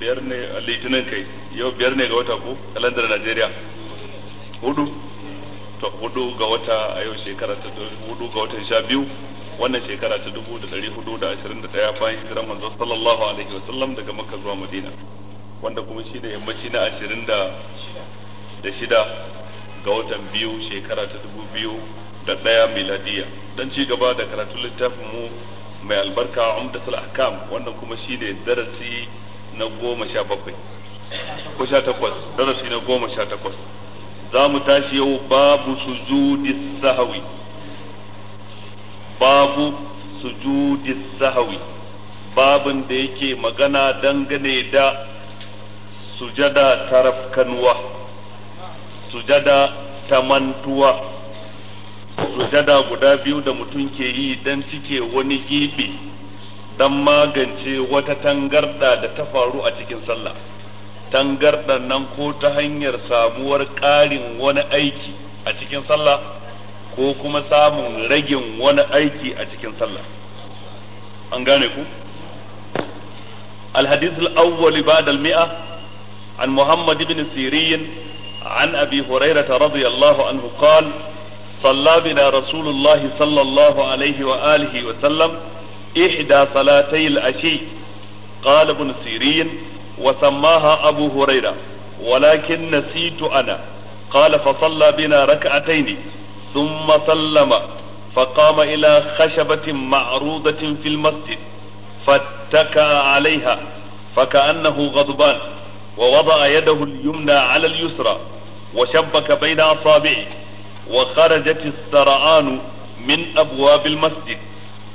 biyar ne litinin kai yau biyar ne ga wata ko kalandar Najeriya hudu to hudu ga wata a yau shekara ta hudu ga watan sha biyu wannan shekara ta dubu da dari hudu da ashirin da ɗaya bayan hijiran manzo sallallahu alaihi wasallam daga makka zuwa madina wanda kuma shi ne yammaci na ashirin da shida ga watan biyu shekara ta dubu biyu da ɗaya miladiya don ci gaba da karatun littafin mu mai albarka umdatul ahkam wannan kuma shi ne darasi na goma sha bakwai ko sha takwas darasi na goma sha takwas za mu tashi yau babu su judi sahawi babu su judi sahawi babin da yake magana dangane da sujada tarafkanwa sujada tamantuwa sujada guda biyu da mutum ke yi don cike wani gibi dan magance wata tangarda da ta faru a cikin sallah tangarda nan ko ta hanyar samuwar ƙarin wani aiki a cikin sallah ko kuma samun ragin wani aiki a cikin sallah an gane ku الحديث الأول بعد المئة عن محمد بن سيرين عن أبي هريرة رضي الله عنه قال صلى بنا رسول الله صلى الله عليه وآله وسلم إحدى صلاتي العشي قال ابن سيرين وسماها أبو هريرة ولكن نسيت أنا قال فصلى بنا ركعتين ثم سلم فقام إلى خشبة معروضة في المسجد فاتكأ عليها فكأنه غضبان ووضع يده اليمنى على اليسرى وشبك بين أصابعه وخرجت السرعان من أبواب المسجد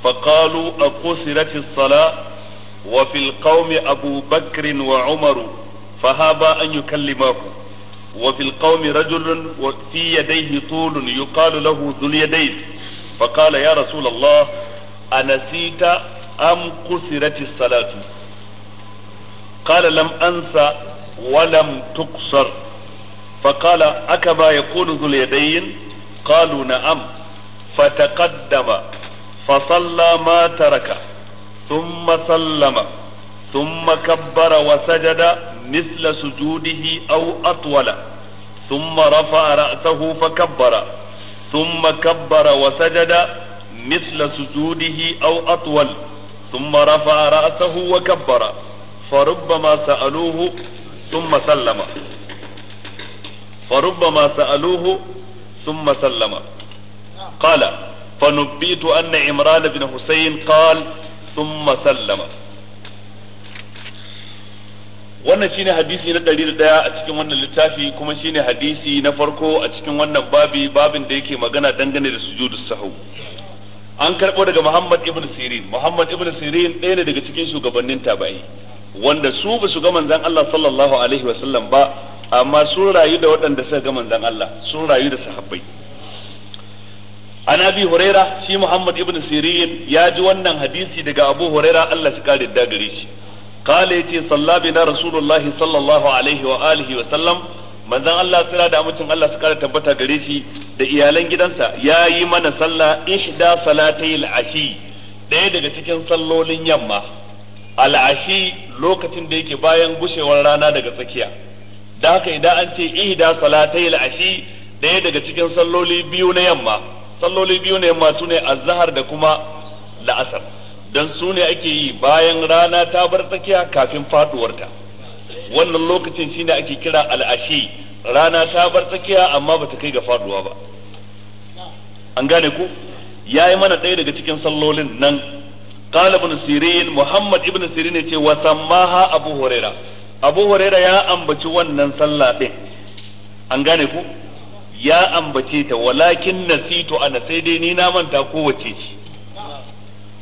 فقالوا أقصرت الصلاة وفي القوم أبو بكر وعمر فهابا أن يكلماه وفي القوم رجل في يديه طول يقال له ذو اليدين فقال يا رسول الله أنسيت أم قصرت الصلاة قال لم أنس ولم تقصر فقال أكما يقول ذو اليدين قالوا نعم فتقدم فصلى ما ترك ثم سلم ثم كبر وسجد مثل سجوده أو أطول ثم رفع رأسه فكبر ثم كبر وسجد مثل سجوده أو أطول ثم رفع رأسه وكبر فربما سألوه ثم سلم فربما سألوه ثم سلم قال فنبئت أن عمران بن حسين قال ثم سلم wannan shine hadisi na ɗari da ɗaya a cikin wannan littafi kuma shine hadisi na farko a cikin wannan babi babin da yake magana dangane da sujudu sahu an karɓo daga Muhammad ibn Sirin Muhammad ibn Sirin ɗaya ne daga cikin shugabannin tabi'i wanda su ba su ga manzon Allah sallallahu alaihi wasallam ba amma sun rayu da waɗanda suka ga manzon Allah sun rayu da sahabbai an abi huraira shi muhammad ibn sirin ya ji wannan hadisi daga abu huraira Allah shi kare da gare shi ya yace sallabi na rasulullah sallallahu alaihi wa alihi wa sallam manzon Allah Sira da amincin Allah su kare tabbata gare shi da iyalan gidansa ya yi mana sallah ihda salatayil ashi ɗaya daga cikin sallolin yamma al'ashi lokacin da yake bayan gushewar rana daga tsakiya da haka idan an ce ihda salatayil ashi ɗaya daga cikin salloli biyu na yamma salloli biyu ne masu ne azhar da kuma la'asar dan su ne ake yi bayan rana ta bar tsakiya kafin faduwarta wannan lokacin shine ake kira al'ashi rana ta bar tsakiya amma bata kai ga faduwa ba an gane ku yayi mana ɗaya daga cikin sallolin nan sirin muhammad ibn sirin ya ce wa sammaha abu هريرة abu هريرة ya ambaci wannan sallah ɗin. an gane ku ya ambace ta walakin nasitu ana sai dai ni na manta kowace ce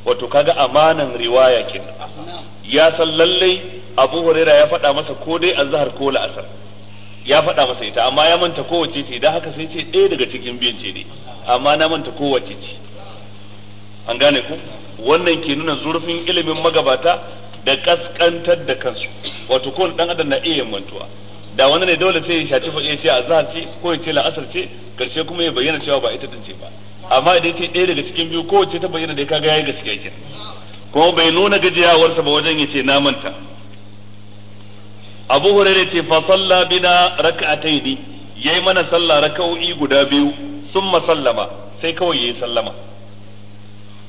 wato kaga amanan riwaya kenan ya san lallai Abu Huraira ya faɗa masa ko dai azhar ko la'asar ya faɗa masa ita amma ya manta kowace ce idan haka sai ce ɗaya daga cikin biyan ce ne amma na manta kowace ce an gane ku wannan ke nuna zurfin ilimin magabata da kaskantar da kansu wato kowane dan adam na iya mantuwa da wani ne dole sai ya shaci fa ya ce azhar ce ko ya ce la'asar ce karshe kuma ya bayyana cewa ba ita dace ba amma idan ce ɗaya daga cikin biyu kowace ta bayyana da kaga yayi gaskiya kenan kuma bai nuna gajiyawarsa ba wajen ya ce na manta abu hurairu ce fa salla bina raka'ataini yayi mana sallah raka'o'i guda biyu summa sallama sai kawai yayi sallama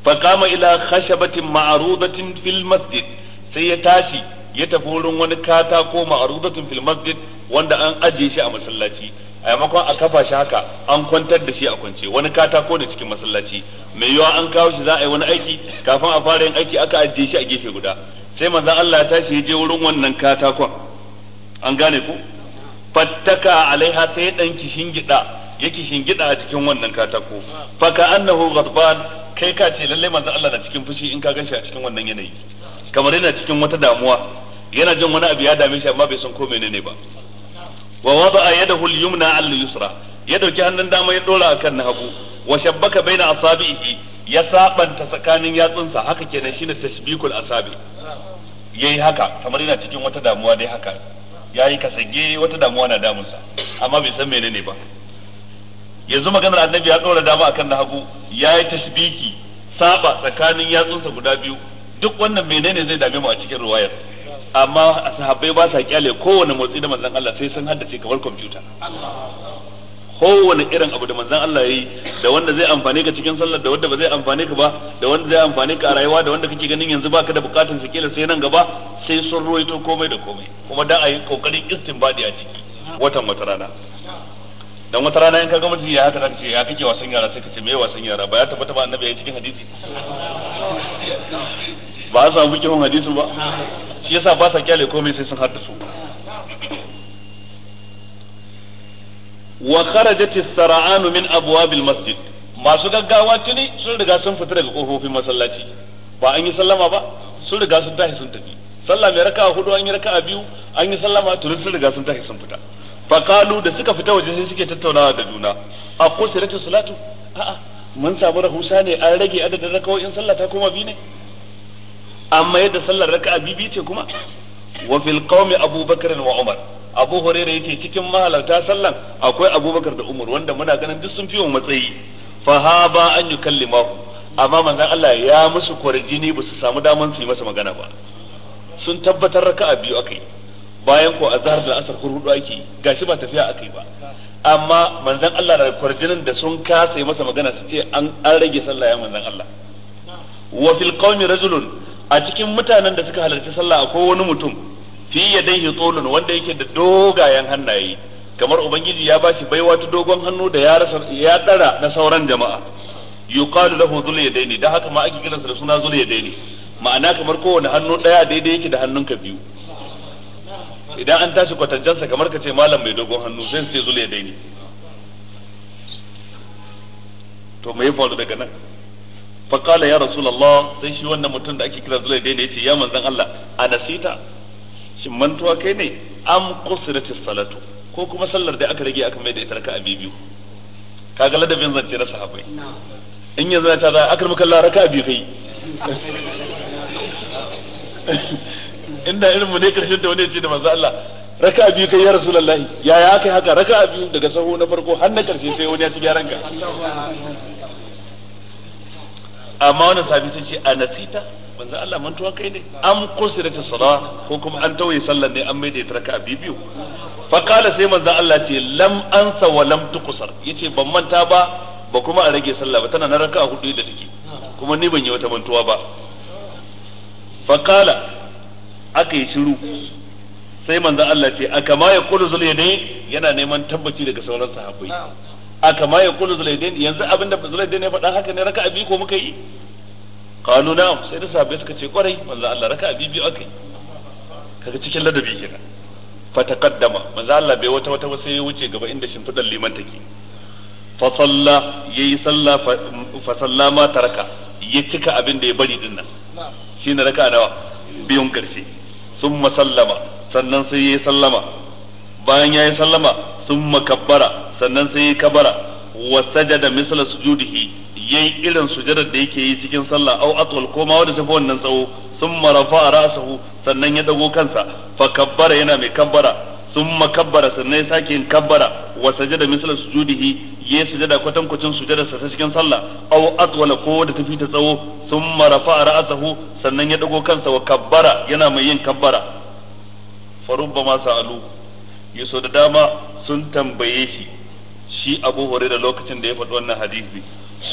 fa kama ila khashabatin ma'rudatin fil masjid sai ya tashi ya tafi wurin wani katako ma'arudatun fil masjid wanda an ajiye shi a masallaci a yamakon a kafa shi haka an kwantar da shi a kwance wani katako da cikin masallaci mai yiwuwa an kawo shi za a yi wani aiki kafin a fara yin aiki aka ajiye shi a gefe guda sai manzon Allah ya tashi ya je wurin wannan katakon an gane ku. fattaka alaiha sai ya dan kishin gida yake a cikin wannan katako fa ka annahu ghadban kai ka ce lalle manzon Allah na cikin fushi in ka ganshi a cikin wannan yanayi kamar yana cikin wata damuwa yana jin wani abu ya dame shi amma bai san ko menene ba wa wada yadahu al-yumna al-yusra ya dauki hannun dama ya dora akan na hagu wa shabbaka baina asabihi ya sabanta tsakanin yatsunsa haka kenan shine tashbikul asabi yayi haka kamar yana cikin wata damuwa dai haka yayi kasage wata damuwa na damunsa amma bai san menene ba yanzu maganar annabi ya dora dama akan na hagu yayi tashbiki saba tsakanin yatsunsa guda biyu duk wannan menene zai dame mu a cikin ruwayar amma sahabbai ba sa kyale kowane motsi da manzon Allah sai sun haddace kamar kwamfuta kowane irin abu da manzon Allah yi da wanda zai amfane ka cikin sallar da wanda ba zai amfane ka ba da wanda zai amfane ka a rayuwa da wanda kake ganin yanzu baka da bukatun su kila sai nan gaba sai sun ruwaito komai da komai kuma da ayi kokarin istinbadi a ciki watan wata rana dan wata rana in ka ga mutum ya haka zaka ce ya kake wasan yara sai ka ce me wasan yara ba ya tabbata ba annabi ya cikin hadisi ba a samu fikihun hadisin ba shi yasa ba sa kyale komai sai sun haddasu wa kharajat as-sara'an min al masjid masu gaggawa tuni sun riga sun fita daga kofofin masallaci ba an yi sallama ba sun riga sun tashi sun tafi sallah mai raka'a hudu an yi raka'a biyu an yi sallama tuni sun riga sun tashi sun fita qalu da suka fita waje sai suke tattaunawa da juna a ta salatu a'a mun samu rahusa ne an rage adadin rakawoyin sallah ta koma bi ne amma yadda sallar raka'a bibi ce kuma wa fil qaumi abubakar wa umar abu hurairah yace cikin mahalarta sallan akwai abubakar da umar wanda muna ganin duk sun fi wa matsayi fa ha ba an yukallimahu amma manzon Allah ya musu kwarjini ba su samu daman su yi masa magana ba sun tabbatar raka'a biyu akai bayan ko azhar da asar hurudu ake gashi ba tafiya akai ba amma manzon Allah da kwarjinin da sun kasa masa magana su ce an rage sallah ya manzon Allah wa fil qaumi rajulun a cikin mutanen da suka halarci sallah akwai wani mutum fi dai tolun wanda yake da dogayen hannaye kamar ubangiji ya bashi baiwa ta dogon hannu da ya rasa ya dara na sauran jama'a yuqalu lahu dhul yadaini da haka ma ake kiransa da suna dhul yadaini ma'ana kamar kowane hannu daya daidai yake da hannunka biyu idan an tashi kwatancensa kamar ka ce malam mai dogon hannu sai ce dhul yadaini to me ya faru daga nan fa qala ya rasulullah sai shi wannan mutum da ake kira Zulai ne yace ya manzon Allah anasita shin mantuwa kai ne am qusrat salatu ko kuma sallar da aka rage aka mai da ita raka'a biyu kaga ladabin zance na sahabbai in yanzu ta za akar maka Allah raka'a biyu kai inda irin mu ne karshen da wani ya ce da manzo Allah raka biyu kai ya rasulullahi ya ya kai haka raka biyu daga sahu na farko har na karshe sai wani ya ci gyaran ka amma wannan sahabi sun ce a nasita manzo Allah mantuwa kai ne an ta sala ko kuma an tauye sallar ne an maida ta a biyu fa qala sai manzo Allah ce lam ansa wa lam tuqsar yace ban manta ba ba kuma a rage sallah ba tana na raka hudu da take kuma ni ban yi wata mantuwa ba fa qala aka yi shiru sai manzo Allah ce akama ma ya kullu zul yana neman tabbaci daga sauran sahabbai a kama ya kulu zulaidain yanzu abin da zulaidain ya faɗa haka ne raka abi ko muka yi kanu na sai da sabai suka ce kwarai manzo Allah raka abi biyu aka yi kaga cikin ladabi kenan fa taqaddama manzo Allah bai wata wata sai ya wuce gaba inda shimfidan liman take fa salla yayi salla fa salla ma taraka ya cika abin da ya bari din nan shine raka nawa biyun karshe summa sallama sannan sai yayi sallama bayan yayi sallama summa kabbara sannan sai ya kabara wa sajada misal sujudihi yayi irin sujadar da yake yi cikin sallah au atwal ko ma wanda tafi wannan tsawo summa a ra'sahu sannan ya dago kansa fa kabbara yana mai kabbara summa kabbara sannan ya sake yin kabbara wa sajada misal sujudihi yayi sujada kwatankwacin sa ta cikin sallah au atwala ko wanda tafi ta tsawo summa a ra'sahu sannan ya dago kansa wa kabbara yana mai yin kabbara farubba ma sa'alu yaso da dama sun tambaye shi shi abu hore da lokacin da ya faɗi wannan hadisi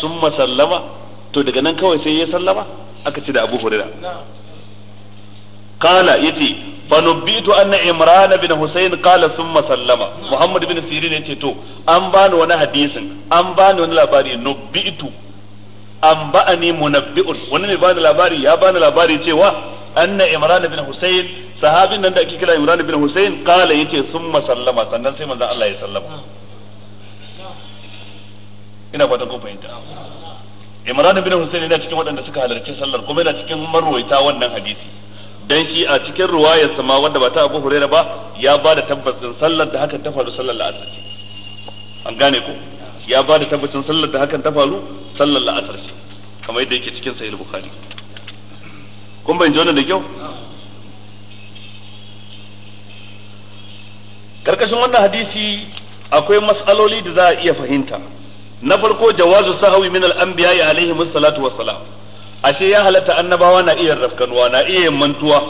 sun masallama to daga nan kawai sai ya sallama aka ci da abu hore da. kala ce, fa nubbitu anna imran bin husayn qala thumma sallama muhammad bin sirin yace to an bani wani hadisin an bani wani labari nubbitu an ba'ani munabbi'un wani ne bani labari ya bani labari cewa anna imran bin husayn sahabin nan da ake kira imran bin husayn kala yace thumma sallama sannan sai manzon Allah ya sallama ina fatan kun fahimta Imran bin husain yana cikin waɗanda suka halarci sallar kuma yana cikin marwaita wannan hadisi dan shi a cikin ruwayar ma wanda ba ta Abu Hurairah ba ya ba da tabbacin sallar da hakan ta faru sallar la'asar ce an gane ko ya ba da tabbacin sallar da hakan ta faru sallar la'asar ce kamar yadda yake cikin sahih bukhari kun bayyana wannan da kyau karkashin wannan hadisi akwai mas'aloli da za a iya fahimta na farko jawazu sahawi min al-anbiya'i alaihi musallatu wassalam ashe ya halatta annabawa na iya rafkanuwa na iya mantuwa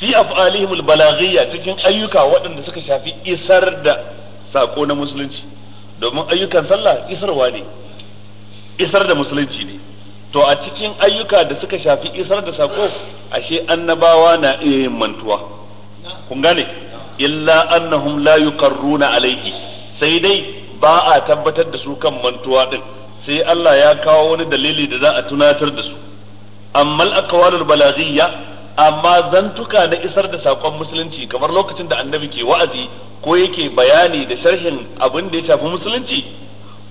fi af'alihim al-balaghiyya cikin ayyuka waɗanda suka shafi isar da sako na musulunci domin ayyukan sallah isarwa ne isar da musulunci ne to a cikin ayyuka da suka shafi isar da sako ashe annabawa na iya yin mantuwa kun gane illa annahum la yuqarruna alayhi sai dai ba a tabbatar da su kan mantuwa din sai Allah ya kawo wani dalili da za a tunatar da su amma al-aqwalul balaghiyya amma zantuka na isar da sakon musulunci kamar lokacin da annabi ke wa'azi ko yake bayani da sharhin abin da ya shafi musulunci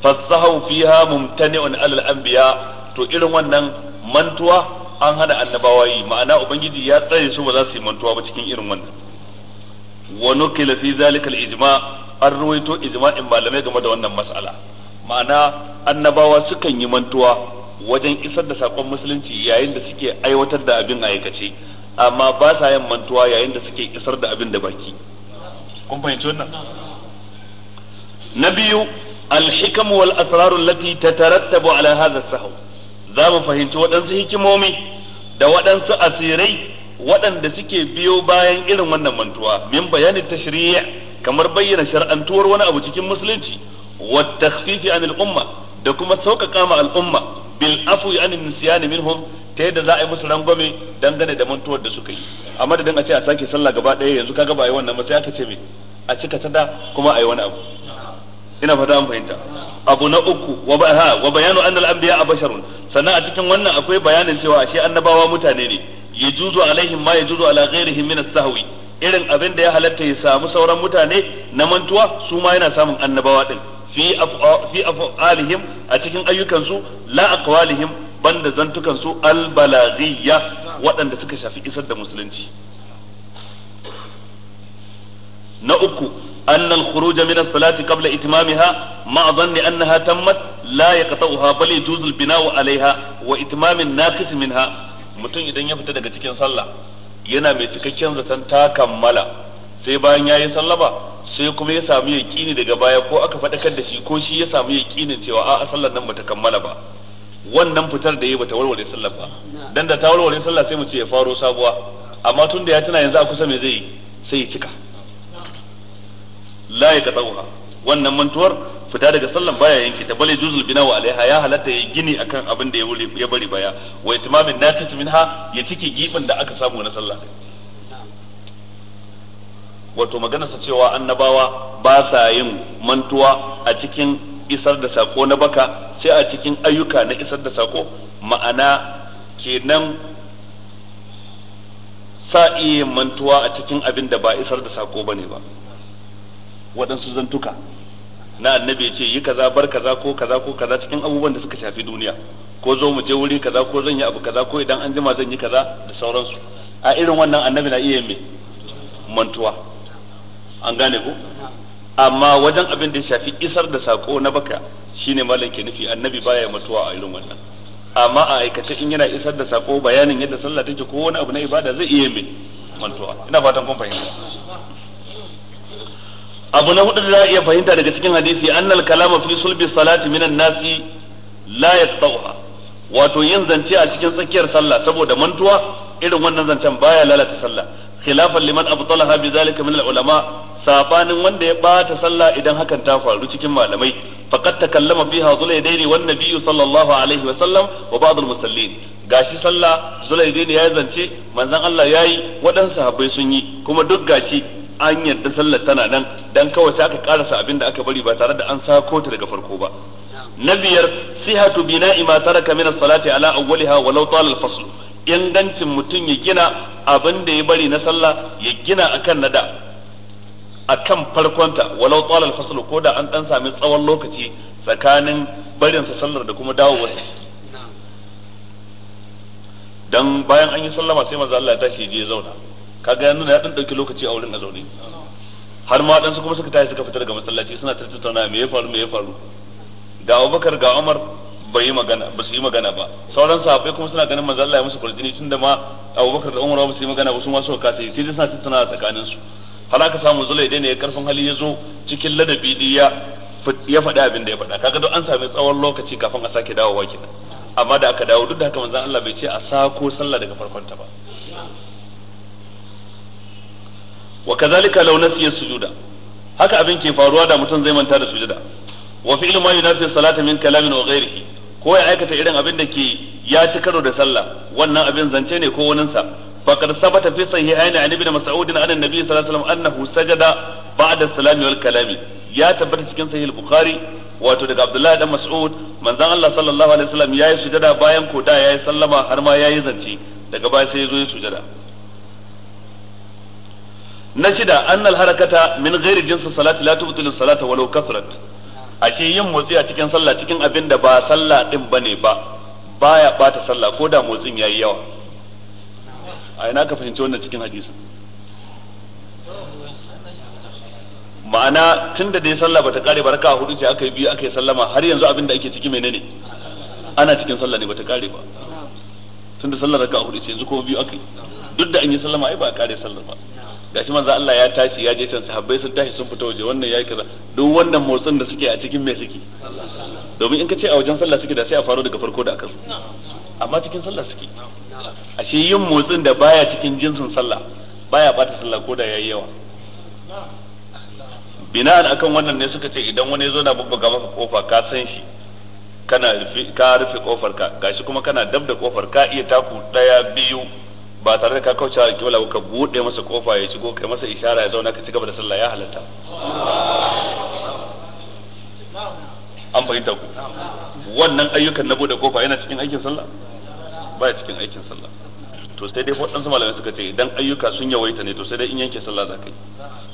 fasahu fiha mumtani'un alal anbiya to irin wannan mantuwa an hana annabawa yi ma'ana ubangiji ya tsare su ba za su yi mantuwa ba cikin irin wannan wa nukila fi zalika al-ijma an ruwaito ijma'in malamai game da wannan mas'ala ma'ana annabawa sukan yi mantuwa wajen isar da sakon musulunci yayin da suke aiwatar da abin ayyukace amma ba sa yin mantuwa yayin da suke isar da abin da baki kun fahimci wannan na biyu الحكم والأسرار التي تترتب على هذا السهو za mu fahimci waɗansu hikimomi da waɗansu asirai waɗanda suke biyo bayan irin wannan mantuwa min bayani tashri'i kamar bayyana shar'antuwar wani abu cikin musulunci wa takhfifi anil umma da kuma sauƙaƙa ma al'umma bil afwi anin nisyani minhum ta yadda za a yi musu rangwame dangane da mantuwar da suka yi a madadin a ce a sake sallah gaba ɗaya yanzu kaga ba yi wannan ba sai aka ce me a cika tada kuma a yi wani abu ina fata an fahimta abu na uku wa bayanu annal anbiya basharun sannan a cikin wannan akwai bayanin cewa ashe annabawa mutane ne yajuzu alaihim ma yajuzu ala irin abin da ya halatta ya samu sauran mutane na mantuwa su ma yana samun annabawa din fi afalihim a cikin ayyukansu la aqwalihim banda zantukansu albalaghiyya waɗanda suka shafi isar da musulunci na uku أن الخروج من الصلاة قبل إتمامها مع ظن أنها تمت لا يقطعها بل يجوز البناء عليها وإتمام الناقص منها mutum idan ya fita daga cikin sallah yana mai cikakken zaton ta kammala sai bayan ya yi sallaba sai kuma ya samu yaƙini daga baya ko aka faɗakar da shi ko shi ya samu yaƙinin cewa a'a sallar nan bata kammala ba wannan fitar da yi bata warware sallar ba dan da ta warware sallar sai mu ce ya faro sabuwa amma tun da ya tana yanzu a kusa me zai yi sai ya cika la ya qata'uha wannan mantuwar fita daga sallan baya yanke ta bale juzul bina wa alaiha ya halatta ya gini akan abin da ya bari baya wa itimamin min minha ya cike gibin da aka samu na sallah wato magana sa cewa annabawa ba sa yin mantuwa a cikin isar da sako na baka sai a cikin ayyuka na isar da sako ma'ana kenan sa iya mantuwa a cikin abin da ba isar da sako bane ba waɗansu zantuka na annabi ce yi kaza bar kaza ko kaza ko kaza cikin abubuwan da suka shafi duniya ko zo mu je wuri kaza ko zan yi abu kaza ko idan an jima zan yi kaza da sauransu a irin wannan annabi na iya me mantuwa an gane ku amma wajen abin da ya shafi isar da sako na baka shine malam ke nufi annabi baya mantuwa a irin wannan amma a aikace in yana isar da sako bayanin yadda sallah take ko wani abu na ibada zai iya me mantuwa ina fatan kun fahimta abu na hudu da za a iya fahimta daga cikin hadisi annal kalama fi sulbi salati minan nasi la yaqta'uha wato yin zance a cikin tsakiyar sallah saboda mantuwa irin wannan zancen baya lalata sallah khilafan liman abtalaha bi zalika min ulama sabanin wanda ya bata sallah idan hakan ta faru cikin malamai faqad takallama fiha zulaydaini wan nabiyyu sallallahu alaihi wa sallam wa ba'd al musallin gashi sallah zulaydaini yayi zance manzon Allah yayi waɗansu sahabbai sun yi kuma duk gashi an yarda sallar tana nan dan kawai sai aka karasa abin da aka bari ba tare da an sa kotu daga farko ba na biyar sihatu bina'i ma taraka min as-salati ala awwaliha walau tala al-fasl ingancin mutum ya gina abin da ya bari na sallah ya gina akan nada akan farkonta walau tala al-fasl ko da an dan sami tsawon lokaci tsakanin barin sa sallar da kuma dawowar dan bayan an yi sallama sai manzo Allah ya tashi ya zauna kaga ya nuna ya dan dauki lokaci a wurin a zaune har ma su kuma suka tashi suka fita daga masallaci suna tattauna me ya faru me ya faru ga Abubakar ga Umar bai yi magana ba su yi magana ba sauran sahabbai kuma suna ganin manzo Allah ya musu kurjini tunda ma Abubakar da Umar ba su yi magana ba su ma suka kasa sai dai suna tattauna tsakanin su har aka samu zulai dai ne ya karfin hali ya zo cikin ladabi diya ya faɗi abin da ya faɗa kaga don an sami tsawon lokaci kafin a sake dawowa kenan amma da aka dawo duk da haka manzo Allah bai ce a sako sallah daga farkon ta ba wa kazalika law nasiya sujuda haka abin ke faruwa da mutum zai manta da sujuda wa fi'lu ma yunafi salata min kalamin wa ghairihi ko ya aikata irin abin da ke ya ci karo da sallah wannan abin zance ne ko wanin sa faqad sabata fi sahihaini an ibn mas'ud an annabi sallallahu alaihi wasallam annahu sajada ba'da salami wal kalami ya tabbata cikin sahih bukhari wato daga abdullahi dan mas'ud manzon Allah sallallahu alaihi wasallam yayi sujada bayan ko da yayi sallama har ma yayi zance daga baya sai ya zo ya sujada na shida annal harakata min ghairi jinsi salati la tubtilu salata walau kasrat ashe yin motsi a cikin sallah cikin abin da ba sallah din bane ba baya bata sallah ko da motsin yayi yawa a ina ka fahimci wannan cikin hadisi ma'ana tunda da sallah bata kare baraka a hudu sai aka yi biyu aka yi sallama har yanzu abin da ake ciki menene ana cikin sallah ne bata kare ba tunda sallar raka'a a hudu sai yanzu ko biyu aka yi duk da an yi sallama ai ba a kare sallar ba gashi manzo Allah ya tashi ya je can sahabbai sun tashi sun fita waje wannan yayi kaza duk wannan motsin da suke a cikin me suke domin in ka ce a wajen sallah suke da sai a faro daga farko da akan amma cikin sallah suke ashe yin motsin da baya cikin jinsin sallah baya bata sallah ko da yayi yawa bina'an akan wannan ne suka ce idan wani zo na bubbuga maka kofa ka san shi kana rufe ka rufe kofar ka gashi kuma kana dab da kofar ka iya taku daya biyu ba tare da ka kauce a kibla ka bude masa kofa ya shigo kai masa ishara ya zauna ka ci gaba da sallah ya halatta an fahimta ku wannan ayyukan na bude kofa yana cikin aikin sallah ba ya cikin aikin sallah to sai dai waɗansu malamai suka ce idan ayyuka sun yawaita ne to sai dai in yanke sallah za ka yi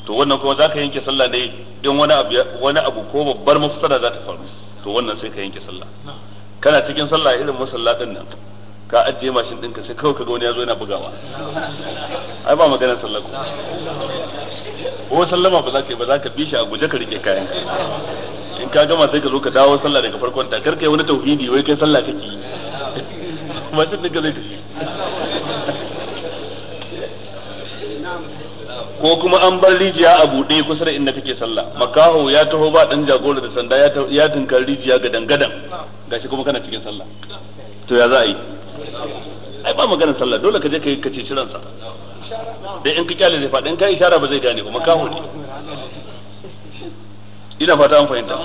to wannan kuma za ka yanke sallah ne in wani abu wani abu ko babbar mafsada za ta faru to wannan sai ka yanke sallah kana cikin sallah irin masallatin nan ka ajiye mashin ɗinka sai kawai kaga wani ya zo yana bugawa ai ba maganar sallah ko sallama ba za ka yi ba za ka bishi a guje ka rike kayan in ka gama sai ka zo ka dawo sallah daga farkon ta karka yi wani tauhidi wai kai sallah kake yi mashin ɗinka zai tafi ko kuma an bar rijiya a buɗe kusa da inda kake sallah makaho ya taho ba dan jagora da sanda ya tunkar rijiya ga dangadan gashi kuma kana cikin sallah to ya za a yi ai ba maganar sallah dole ka je ka yi ka ceci ransa dan in ka kyale zai faɗin kai ishara ba zai gane kuma kawo ne ina fata an fahimta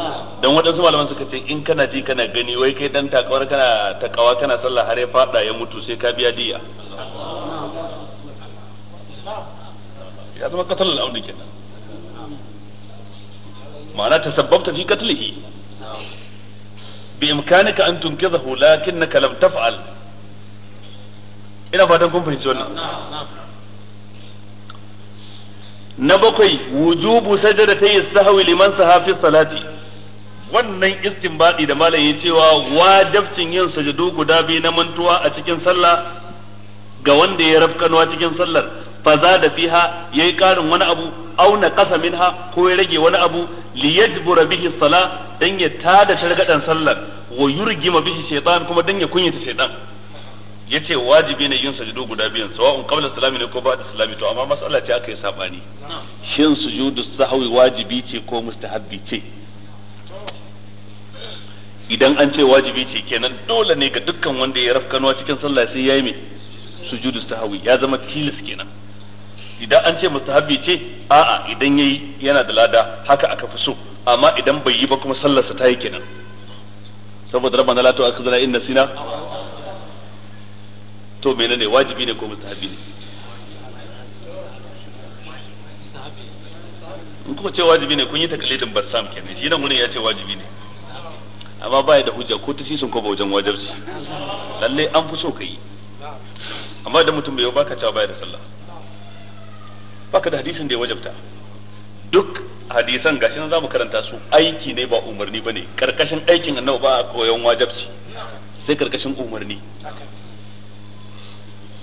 dan waɗansu malaman suka ce in kana ji kana gani wai kai dan takawar kana takawa kana sallah har ya faɗa ya mutu sai ka biya diya ya zama katal al'auni kenan ma'ana ta sababta fi katlihi bi imkanika an tunkidahu lakinnaka lam taf'al ina fatan kun fahimci wannan na bakwai wujubu yi sahwi liman sahafi salati wannan istinbadi da malam yace cewa wajabcin yin sajadu guda biyu na mantuwa a cikin sallah ga wanda ya rafkanwa cikin sallar faza da fiha yayi karin wani abu auna na kasa minha ko ya rage wani abu li yajbura bihi sala dan ya tada targadan sallar wa yurgima bihi shaytan kuma dan ya kunyata shaytan yace wajibi ne yin sujudu guda biyun sawa'un qabla salami ne ko ba'da salami to amma mas'ala ce aka yi sabani shin sujudu sahwi wajibi ce ko mustahabbi ce idan an ce wajibi ce kenan dole ne ga dukkan wanda ya rafkanuwa cikin sallah sai yayi mai sujudu sahwi ya zama tilis kenan idan an ce mustahabbi ce a'a idan yayi yana da lada haka aka fi so amma idan bai yi ba kuma sallarsa ta yi kenan saboda rabbana la tu'akhidhna in nasina to menene wajibi ne ko mustahabi ne in kuma ce wajibi ne kun yi takalidin bassam kenan shi nan wurin ya ce wajibi ne amma baya da hujja ko ta sisin ko ba wajen wajibci lalle an fi so ka yi amma da mutum bai baka cewa baya da sallah baka da hadisin da ya wajabta duk hadisan gashi nan zamu karanta su aiki ne ba umarni bane karkashin aikin annabi ba koyon wajibci sai karkashin umarni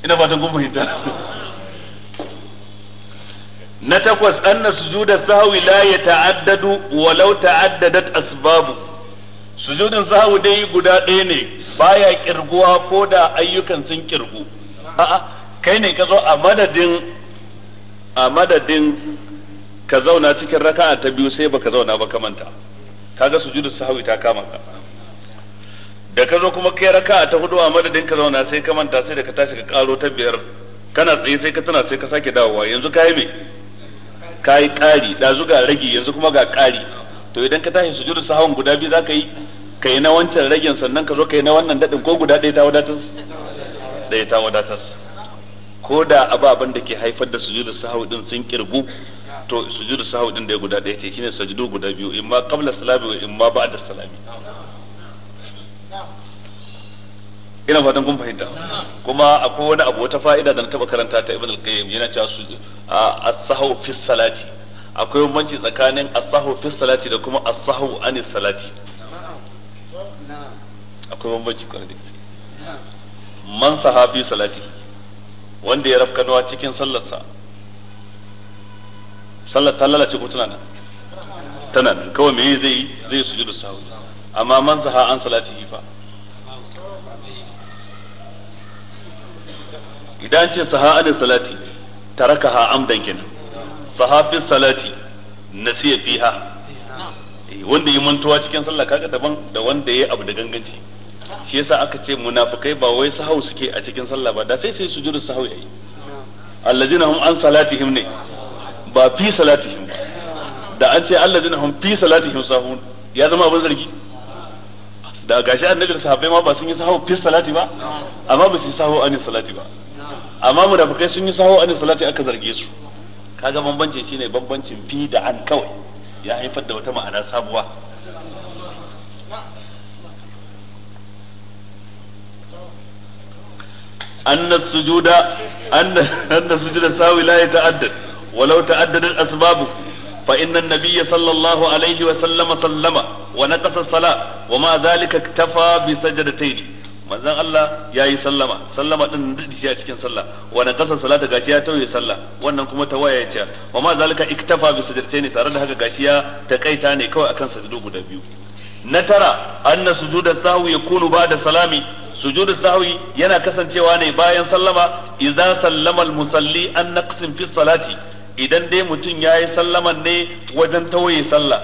ina fatan kun fahimta na takwas anna sujuda sahwi la yata'addadu walau ta'addadat asbabu sujudin sahwi dai guda ɗaya ne baya kirguwa ko da ayyukan sun kirgu a'a kai ne ka zo a madadin a madadin ka zauna cikin raka'a ta biyu sai baka zauna ba kamanta kaga sujudu sahwi ta kama ka da ka zo kuma kai raka ta hudu a madadin ka zauna sai ka manta sai da ka tashi ka karo ta biyar kana tsaye sai ka tana sai ka sake dawowa yanzu ka yi me ka yi ƙari ɗazu ga rage yanzu kuma ga ƙari to idan ka tashi sujudu sahawan guda biyu za ka yi ka yi na wancan ragen sannan ka zo ka yi na wannan daɗin ko guda ɗaya ta wadatar ɗaya ta wadatar ko da ababen da ke haifar da sujudu sahawu din sun kirgu to sujudu sahawu din da guda ɗaya ce shine sujudu guda biyu imma qabla salami wa imma ba'da salabi ina fatan kun fahimta kuma akwai wani abu wata fa'ida da na taba karanta ta ibn al-qayyim yana cewa su as-sahwu fi salati akwai bambanci tsakanin as-sahwu fi salati da kuma as-sahwu anis salati akwai bambanci kwarai da man sahabi salati wanda ya rafkanuwa cikin sallarsa sallar ta lalace ko tana nan tana nan kawai me zai zai sujudu sahwi amma man zaha an salatihi fa idan ce saha an salati ha amdan kenan saha fi salati nasiya fiha eh, wanda yi mantuwa cikin sallah kaga daban da wanda yayi abu da ganganci shi yasa aka ce munafikai ba wai sahau suke a cikin sallah ba da sai sai sujudu sahau yayi allazina hum an salatihim ne ba fi salatihim ba da an ce allazina hum fi salatihim sahun ya zama abin zargi da gashi annabi da sahabbai ma ba sun yi sahu fi salati ba amma ba su yi sahu anin salati ba amma munafikai sun yi sahu anin salati aka zarge su kaga bambanci shine bambancin fi da an kawai ya haifar da wata ma'ana sabuwa anna sujuda anna أن السجود الساوي لا يتعدد walau تعددت أسبابه فإن النبي صلى الله عليه وسلم سلم ونقص الصلاة وما ذلك اكتفى بسجدتين manzon Allah ya yi sallama sallama din da shi a cikin sallah Wa na kasar salata gashi ya tauye sallah wannan kuma ta waya ce wa ma zalika iktafa bi sajdatayn tare da haka gashi ya takaita ne kawai akan sujudu guda biyu na tara anna sujudu sahwi yakunu ba'da salami sujudu sahwi yana kasancewa ne bayan sallama idza sallama al-musalli an naqsin fi salati idan dai mutum ya yi sallama ne wajen tawaye sallah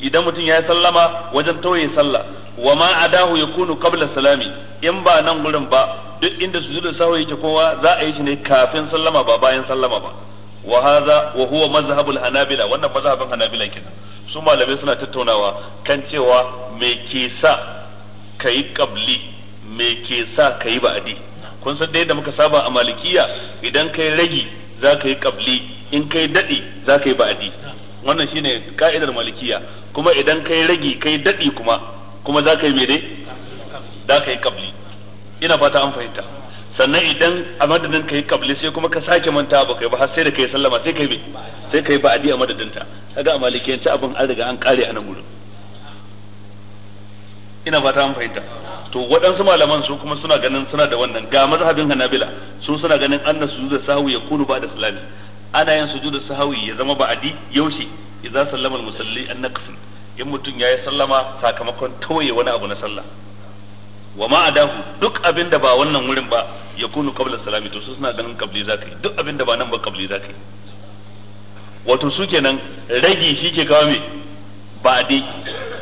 idan mutum ya yi sallama wajen tawaye sallah wa ma adahu kunu qabla salami in ba nan gurin ba duk inda su sujudu sahu yake kowa za a yi shi ne kafin sallama ba bayan sallama ba wa hadha wa huwa mazhabul hanabila wannan mazhabin hanabila kenan su malamai suna tattaunawa kan cewa me ke sa kai qabli me ke sa kai ba'di kun san dai da muka saba a malikiya idan kai ragi za ka yi qabli in kai dadi za ka yi ba'adi wannan shine ka'idar malikiya kuma idan kai ragi kai dadi kuma kuma za ka yi dai za ka yi qabli ina fata an fahimta sannan idan a madadin ka yi qabli sai kuma ka sake manta ba kai ba har sai da kai sallama sai kai sai kai ba'adi a madadin ta kaga a malikiyance abin an riga an kare a nan gurin ina fata an fahimta to waɗansu malaman su kuma suna ganin suna da wannan ga mazhabin hanabila su suna ganin anna sujud sahwi ya kunu ba da salami ana yin sujud sahwi ya zama ba'adi yaushe idza sallama al-musalli an-naqs in mutum yayi sallama sakamakon tawaye wani abu na sallah wa ma adahu duk abinda ba wannan wurin ba ya kunu qabla salami to su suna ganin qabli zakai duk abinda ba nan ba qabli zakai wato su kenan rage shi ke kawo me ba'adi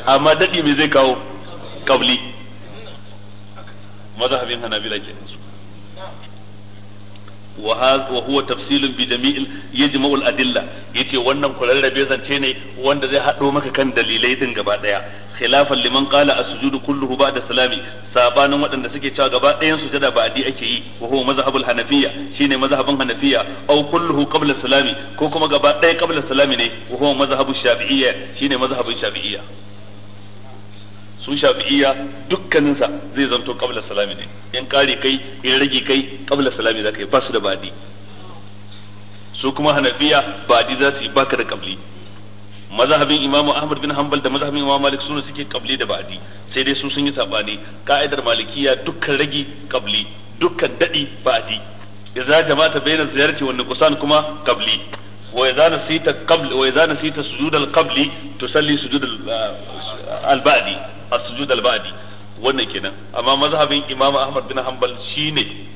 amma dadi me zai kawo qabli mazhabin tafsirin kenan su وهو تفصيل بجميع يجمع الأدلة yace wannan kurarrabe zance ne wanda zai haɗo maka kan dalilai din gaba daya khilafan liman qala as-sujudu kulluhu da salami sabanin waɗanda suke cewa gaba ɗayan sujada ba ake yi wa huwa mazhabul hanafiyya shine mazhabin hanafiya aw kulluhu qabla salami ko kuma gaba ɗaya salami ne shine su shafi'iyya dukkaninsa zai zanto qabla salami ne in kare kai in rage kai qabla salami zaka yi ba su da badi su kuma hanafiya badi za su yi baka da qabli mazhabin imam ahmad bin hanbal da mazhabin imam malik suna suke qabli da badi sai dai su sun yi sabani ka'idar malikiya dukkan rage qabli dukkan dadi badi idza jama'ata bayna ziyarati wa nuqsan kuma qabli وإذا نسيت قبل وإذا نسيت سجود القبل تصلي سجود البعد as-sujud al-ba'di wannan kenan amma mazhabin Imam Ahmad bin Hanbal shine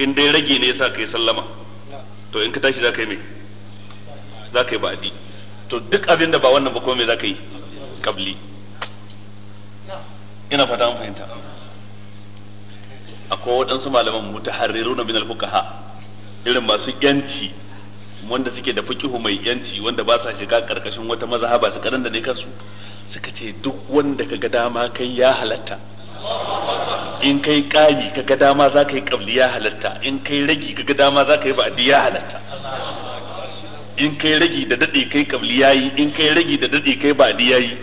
in dai rage ne yasa kai sallama to in ka tashi za ka yi me za ka yi ba'di to duk abin da ba wannan ba kuma me za ka yi kabli ina fata an fahimta akwai waɗansu malaman mutaharriruna min al-fuqaha irin masu yanci wanda suke da fiqhu mai yanci wanda ba sa shiga karkashin wata mazhaba su karanta ne kansu suka ce duk wanda ka ga dama kai ya halatta in kai kani ka ga dama za ka yi kabli ya halatta in kai ragi ka ga dama za ka yi ba'adi ya halatta in kai ragi da dade kai kabli ya yi in kai ragi da dade kai ba'adi ya yi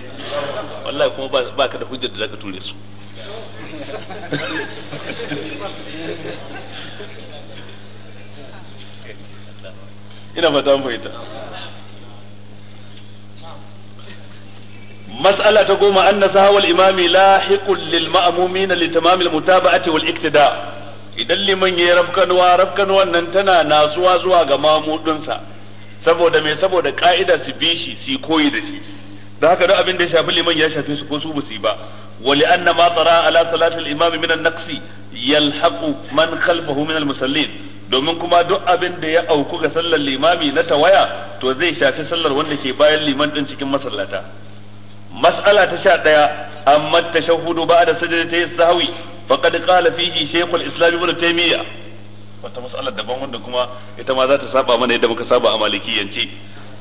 wallahi kuma ba ka da hujjar da za ka ture su ina fata mu fahimta mas'ala ta goma anna sahawal imami lahiqun lil ma'mumin li tamam iktida idan liman ya wa rafkanwan nan tana nasuwa zuwa ga mamudunsa saboda me saboda ka'ida su bi shi su koyi da shi da haka duk abin da ya shafi liman ya shafi su ko su ba ba wali anna ma tara ala salatul imami min an-naqsi yalhaqu man khalfahu min al-musallin domin kuma duk abin da ya auku ga sallar limami na tawaya to zai shafi sallar wanda ke bayan liman din cikin masallata mas'ala ta sha daya amma tashahhudu ba'da sajdati sahwi faqad qala fihi shaykh al-islam ibn taymiyyah wata mas'alar daban wanda kuma ita ma za ta saba mana yadda muka saba a maliki yance.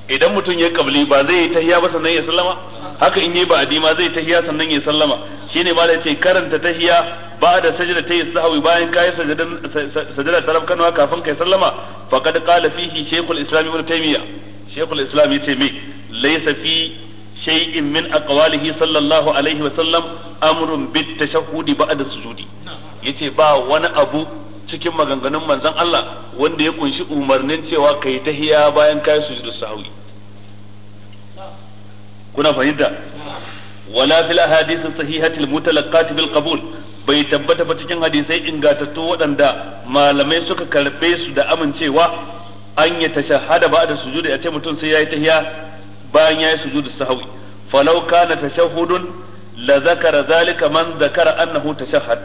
idan mutum ya kabli ba zai yi tahiya ba sannan ya sallama haka in yi ba ma zai tahiya sannan ya sallama shine ma da ce karanta tahiya ba da sajda ta yi sahawi bayan kayi sajda taraf kanwa kafin kai sallama kad qala fihi shaykhul islam ibn taymiya shaykhul islam yace me laysa fi in min aqwalihi sallallahu alaihi wa sallam amrun bit tashahhudi ba'da sujudi yace ba wani abu cikin maganganun manzon Allah wanda ya kunshi umarnin cewa kai tahiya bayan kai sujudu sahwi kuna fahimta wala fil ahadith sahihati al mutalaqqat bil qabul bai tabbata ba cikin hadisai ingatattu waɗanda malamai suka karbe su da amincewa an ya tashahada ba da sujudi a ce mutum sai yayi tahiya bayan yayi sujudu sahwi falau kana tashahhudun la zakara zalika man zakara annahu tashahhad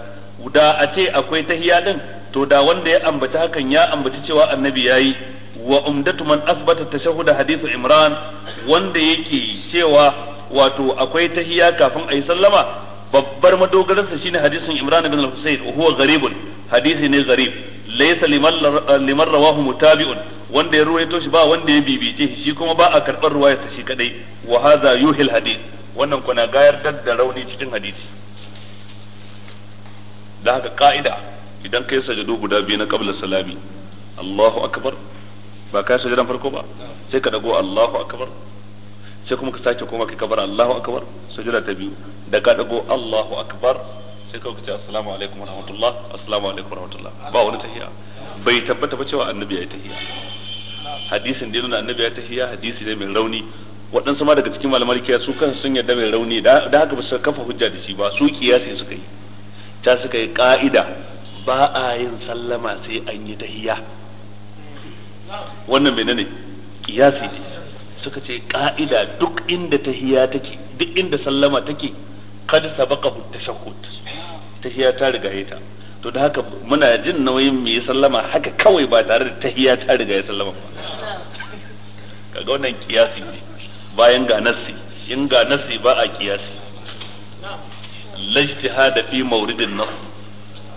da a ce akwai tahiya din to da wanda ya ambaci hakan ya ambaci cewa annabi yayi wa umdatu man asbata tashahhud hadithu imran wanda yake cewa wato akwai tahiya kafin a yi sallama babbar madogararsa shine hadisin imran bin al-husayn huwa gharibun hadisi ne gharib laysa eh, liman rawahu mutabi'un wanda ya ruwaito shi ba wanda ya bibice shi kuma ba a karbar ruwayarsa shi kadai wa hadha yuhil hadith wannan ku na gayar da rauni cikin hadisi da haka ka'ida idan kai sajadu guda biyu na qabla salami Allahu akbar ba kai sajadan farko ba sai ka dago Allahu akbar sai kuma ka sake kuma kai kabar Allahu akbar sajada ta biyu da ka dago Allahu akbar sai kawai kace assalamu alaikum wa rahmatullah assalamu alaikum wa rahmatullah ba wani tahiya bai tabbata ba cewa annabi yayi tahiya hadisin da nuna annabi ya tahiya hadisi ne mai rauni waɗansu ma daga cikin malamar kiyas su kan sun yarda mai rauni da haka ba su kafa hujja da shi ba su kiyasi suka yi ta suka yi ka'ida ba a yin sallama sai an yi tahiya wannan menene kiyasi ne suka ce ka'ida duk inda tahiya take duk inda sallama take sabaka sabaqahu tashahhud tahiya ta riga ta, to da haka muna jin nauyin mu yi sallama haka kawai ba tare da tahiya ta riga ya sallama ba kaga wannan kiyasi ne bayan ga nassi in ga nassi ba a kiyasi lajtihada fi mawridin nass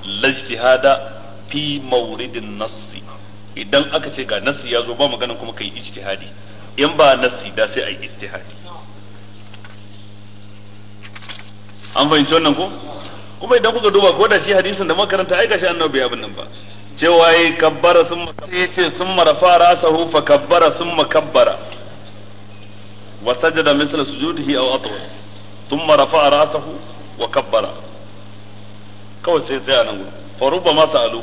lajtihada fi mawridin nass idan aka ce ga nassi ya zo ba magana kuma kai ijtihadi in ba nassi da sai ai ijtihadi an fahimci wannan ko kuma idan kuka duba ko da shi hadisin da makaranta ai gashi annabi abin nan ba cewa yayi kabbara thumma sai yace thumma rafa rasahu fa kabbara thumma kabbara wa sajada misla sujudihi aw atwa thumma rafa rasahu wa kabbara kawai sai tsaya nan gudu. fa rubbama masalu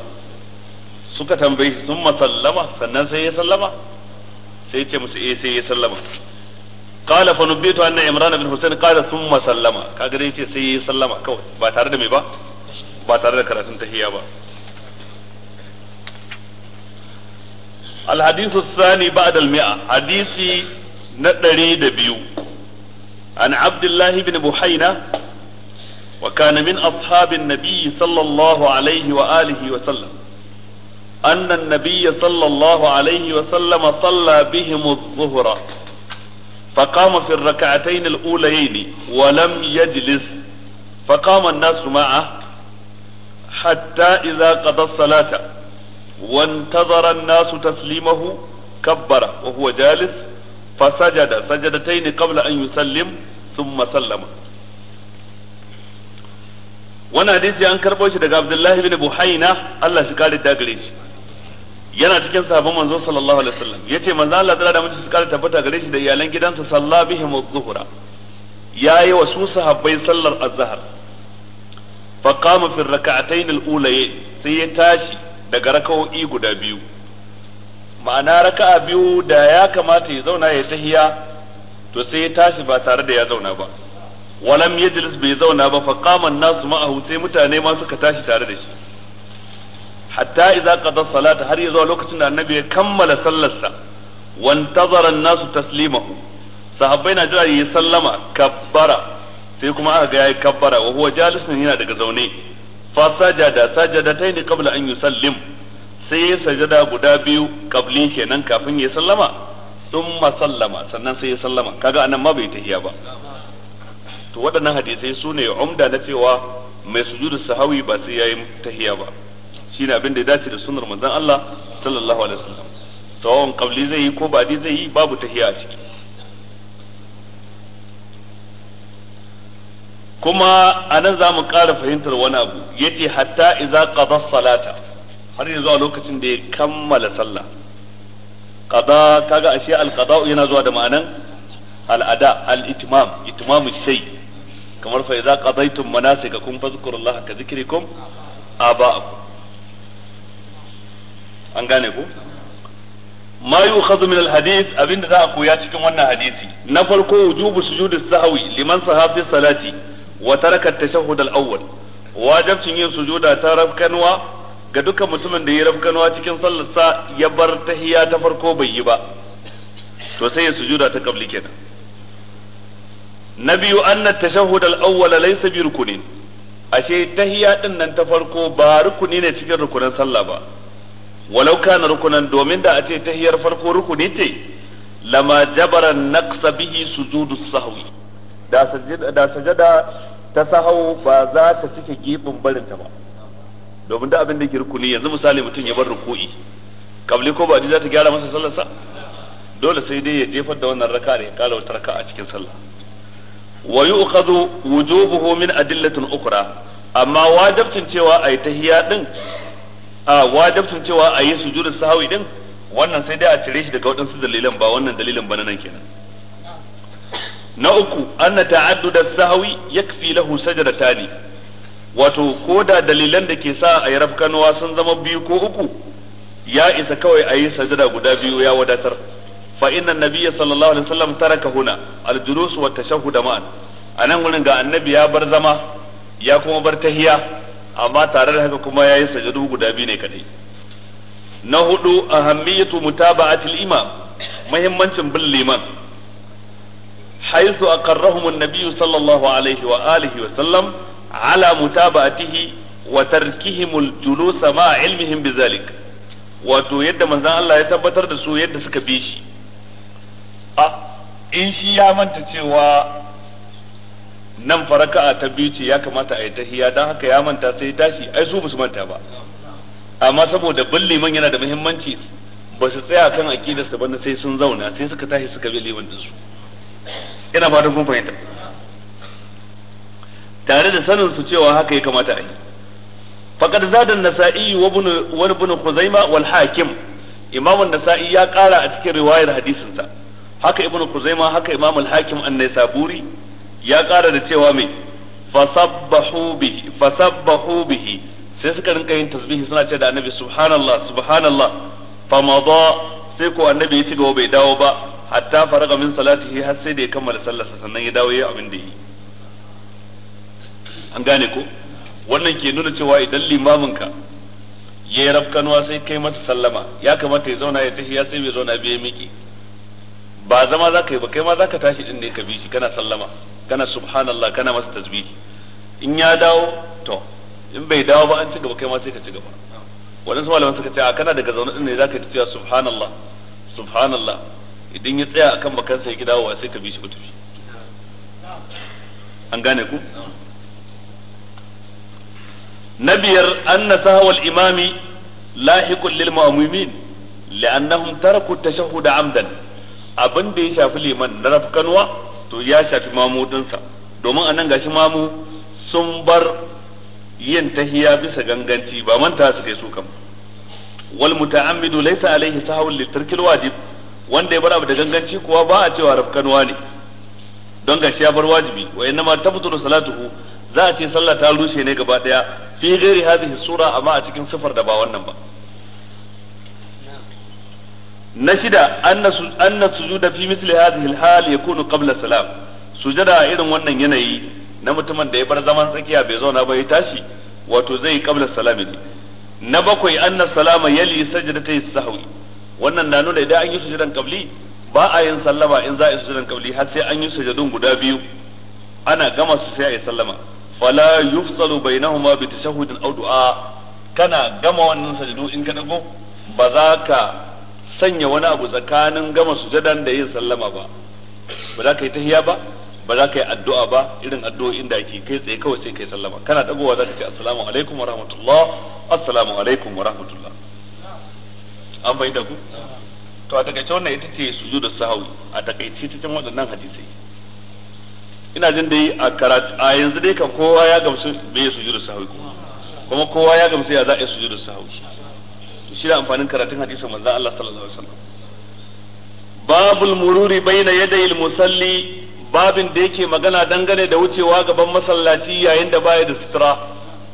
suka tambaye shi thumma sallama sannan sai ya sallama sai ya ce musu eh sai ya sallama قال فنبيت أن عمران بن حسين قال ثم سلم sallama kaga سلم yace sai با sallama دمي با tare da me الحديث الثاني بعد المئة حديثي ندري دبيو عن عبد الله بن بحينة وكان من أصحاب النبي صلى الله عليه وآله وسلم أن النبي صلى الله عليه وسلم صلى بهم الظهر فقام في الركعتين الأوليين ولم يجلس فقام الناس معه حتى إذا قضى الصلاة وانتظر الناس تسليمه كبر وهو جالس فسجد سجدتين قبل أن يسلم ثم سلم وانا حديثي أنكر بوش دقى عبد الله بن بحينة الله شكال الدقريش yana cikin sabon manzo sallallahu alaihi wasallam yace manzo Allah da mutum su kara tabbata gare shi da iyalan gidansa salla bihim az yayi wa su sahabbai sallar az-zuhr fa qama fi rak'atayn al sai ya tashi daga raka'o'i guda biyu ma'ana raka'a biyu da ya kamata ya zauna ya tahiya to sai ya tashi ba tare da ya zauna ba walam yajlis bai zauna ba fa qama an-nas ma'ahu sai mutane ma suka tashi tare da shi hatta idza qada salata har yazo lokacin da annabi ya kammala sallarsa wantazara an-nasu taslimahu sahabbai na jira yi sallama kabbara sai kuma aka ga yayi kabbara wa huwa jalisun yana daga zaune fa sajada sajadataini qabla an yusallim sai ya sajada guda biyu kabli kenan kafin ya sallama thumma sallama sannan sai ya sallama kaga anan ma bai tahiya ba to waɗannan hadisai su ne umda na cewa mai sujudu sahawi ba sai yayi tahiya ba shine abin da ya dace da sunnar manzon Allah sallallahu alaihi wasallam sawon qabli zai yi ko badi zai yi babu tahiyya a ciki kuma anan za mu ƙara fahimtar wani abu yace hatta idza qada salata har yanzu a lokacin da ya kammala sallah qada kaga ashe al yana zuwa da ma'anan al'ada ada al shai itmamu shay kamar fa idza qadaytum manasikakum fadhkurullaha ka dhikrikum aba'akum an gane ko ma yu'khadhu min al abinda za a koya cikin wannan hadisi na farko wujubu sujudi sahwi liman sahafi salati wa taraka at-tashahhud al-awwal wajibcin yin sujuda ta rafkanwa ga dukkan mutumin da ya rafkanwa cikin sallarsa ya bar tahiyya ta farko bai yi ba to sai ya sujuda ta qabli kenan na biyu anna at-tashahhud al-awwal laysa bi rukunin ashe tahiyya din nan ta farko ba rukuni ne cikin rukunin sallah ba walau na rukunan domin da a ce tahiyar farko rukuni ce lama jabara naqsa bihi sujudu sahwi da sajada da sajada ta sahau ba za ta cike gibin barin ta ba domin da abin da ke rukuni yanzu misali mutum ya bar ruku'i kabli ko ba za ta gyara masa sallarsa. dole sai dai ya jefar da wannan raka da ya wata a cikin sallah wa yu'khadhu wujubuhu min adillatin ukura? amma wajibcin cewa ai tahiya din a wajabtun cewa a yi sujudu sahawi din wannan sai dai a cire shi daga waɗansu dalilan ba wannan dalilin ba nan kenan na uku anna ta'adduda sahawi yakfi lahu sajdatani wato ko da dalilan da ke sa a yi rafkanuwa sun zama biyu ko uku ya isa kawai a yi sajada guda biyu ya wadatar fa inna nabiyya sallallahu alaihi wasallam taraka huna al-julus wa tashahhud ma'an anan gurin ga annabi ya bar zama ya kuma bar tahiya amma tare da haka kuma ya yi sajadu guda biyu ne kadai na hudu ahammiyatu mutaba'atil imam muhimmancin bin liman حيث أقرهم النبي صلى الله عليه وآله وسلم على متابعته وتركهم الجلوس مع علمهم بذلك wato yadda manzan Allah ya tabbatar da su yadda suka bi shi a in shi ya manta cewa nan a ta biyu ce ya kamata a yi tahiya don haka ya manta sai ya tashi ai su basu manta ba amma saboda bin liman yana da muhimmanci ba su tsaya kan aqidar su bane sai sun zauna sai suka tashi suka bi liman din su ina ba kun fahimta tare da sanin su cewa haka ya kamata a yi faqad zada an-nasa'i wa ibn wa ibn khuzaima wal hakim imam an-nasa'i ya kara a cikin riwayar hadisin sa haka ibn khuzaima haka imam al-hakim an-naisaburi ya ƙara da cewa mai fasabbahu bihi fasabbahu sai suka rinka yin tasbihi suna ce da annabi subhanallah subhanallah famada sai ko annabi ya ci gaba bai dawo ba hatta faraga min salatihi har sai da ya kammala sallarsa sannan ya dawo yayin abin da yi an gane ko wannan ke nuna cewa idan limamin ka ya yi rafkanuwa sai kai masa sallama ya kamata ya zauna ya ya sai bai zauna bai miki ba zama zaka yi ba kai ma zaka tashi din ne ka bi shi kana sallama kana subhanallah kana masa tasbihi in ya dawo to in bai dawo ba an ci gaba kai ma sai ka ci gaba wadansu malaman suka ce a kana daga zaune din ne zaka ji cewa subhanallah subhanallah idan ya tsaya akan bakansa ya ki dawowa sai ka bi shi ku tafi an gane ku na biyar anna sahawal imami lahiqun lil mu'minin li'annahum taraku tashahhud amdan abin da ya shafi liman na rafkanwa to ya shafi mamu dinsa domin anan gashi mamu sun bar yin tahiya bisa ganganci ba manta su kai su kan wal muta'ammidu laysa alaihi sahawun li tarkil wajib wanda ya bar abu da ganganci kuwa ba a cewa rafkanwa ne don gashi ya bar wajibi wa ma tabtulu salatuhu za a ce sallah ta rushe ne gaba daya fi ghairi hadhihi sura amma a cikin sifar da ba wannan ba na shida su sujuda fi misli hadhihi hali ya yakunu qabla salam sujada a irin wannan yanayi na mutumin da ya bar zaman tsakiya bai zauna ba ya tashi wato zai qabla salam ne na bakwai na salama yali sajdatay sahwi wannan na nuna idan an yi sujudan qabli ba a yin sallama in za a yi sujudan qabli har sai an yi sujudun guda biyu ana gama su sai a yi sallama fala yufsalu bainahuma bi tashahhudin aw du'a kana gama wannan sujudu in ka dago ba za ka sanya wani abu tsakanin gama sujadan da yin sallama ba ba za ka yi tahiya ba ba za ka yi addu'a ba irin addu'o'i inda ake kai tsaye kawai sai kai sallama kana dagowa za ka ce assalamu alaikum wa rahmatullah assalamu alaikum wa rahmatullah an bai da ku to a takaice wannan ita ce su da sahawi a takaice cikin waɗannan hadisai ina jin dai a karatu a yanzu dai kan kowa ya gamsu bai su da sahawi kuma kowa ya gamsu ya za a yi su da sahawi shi da amfanin karatun hadisin manzo Allah sallallahu alaihi wasallam babul mururi baina yadayil musalli babin da yake magana dangane da wucewa gaban masallaci yayin da baya da sutura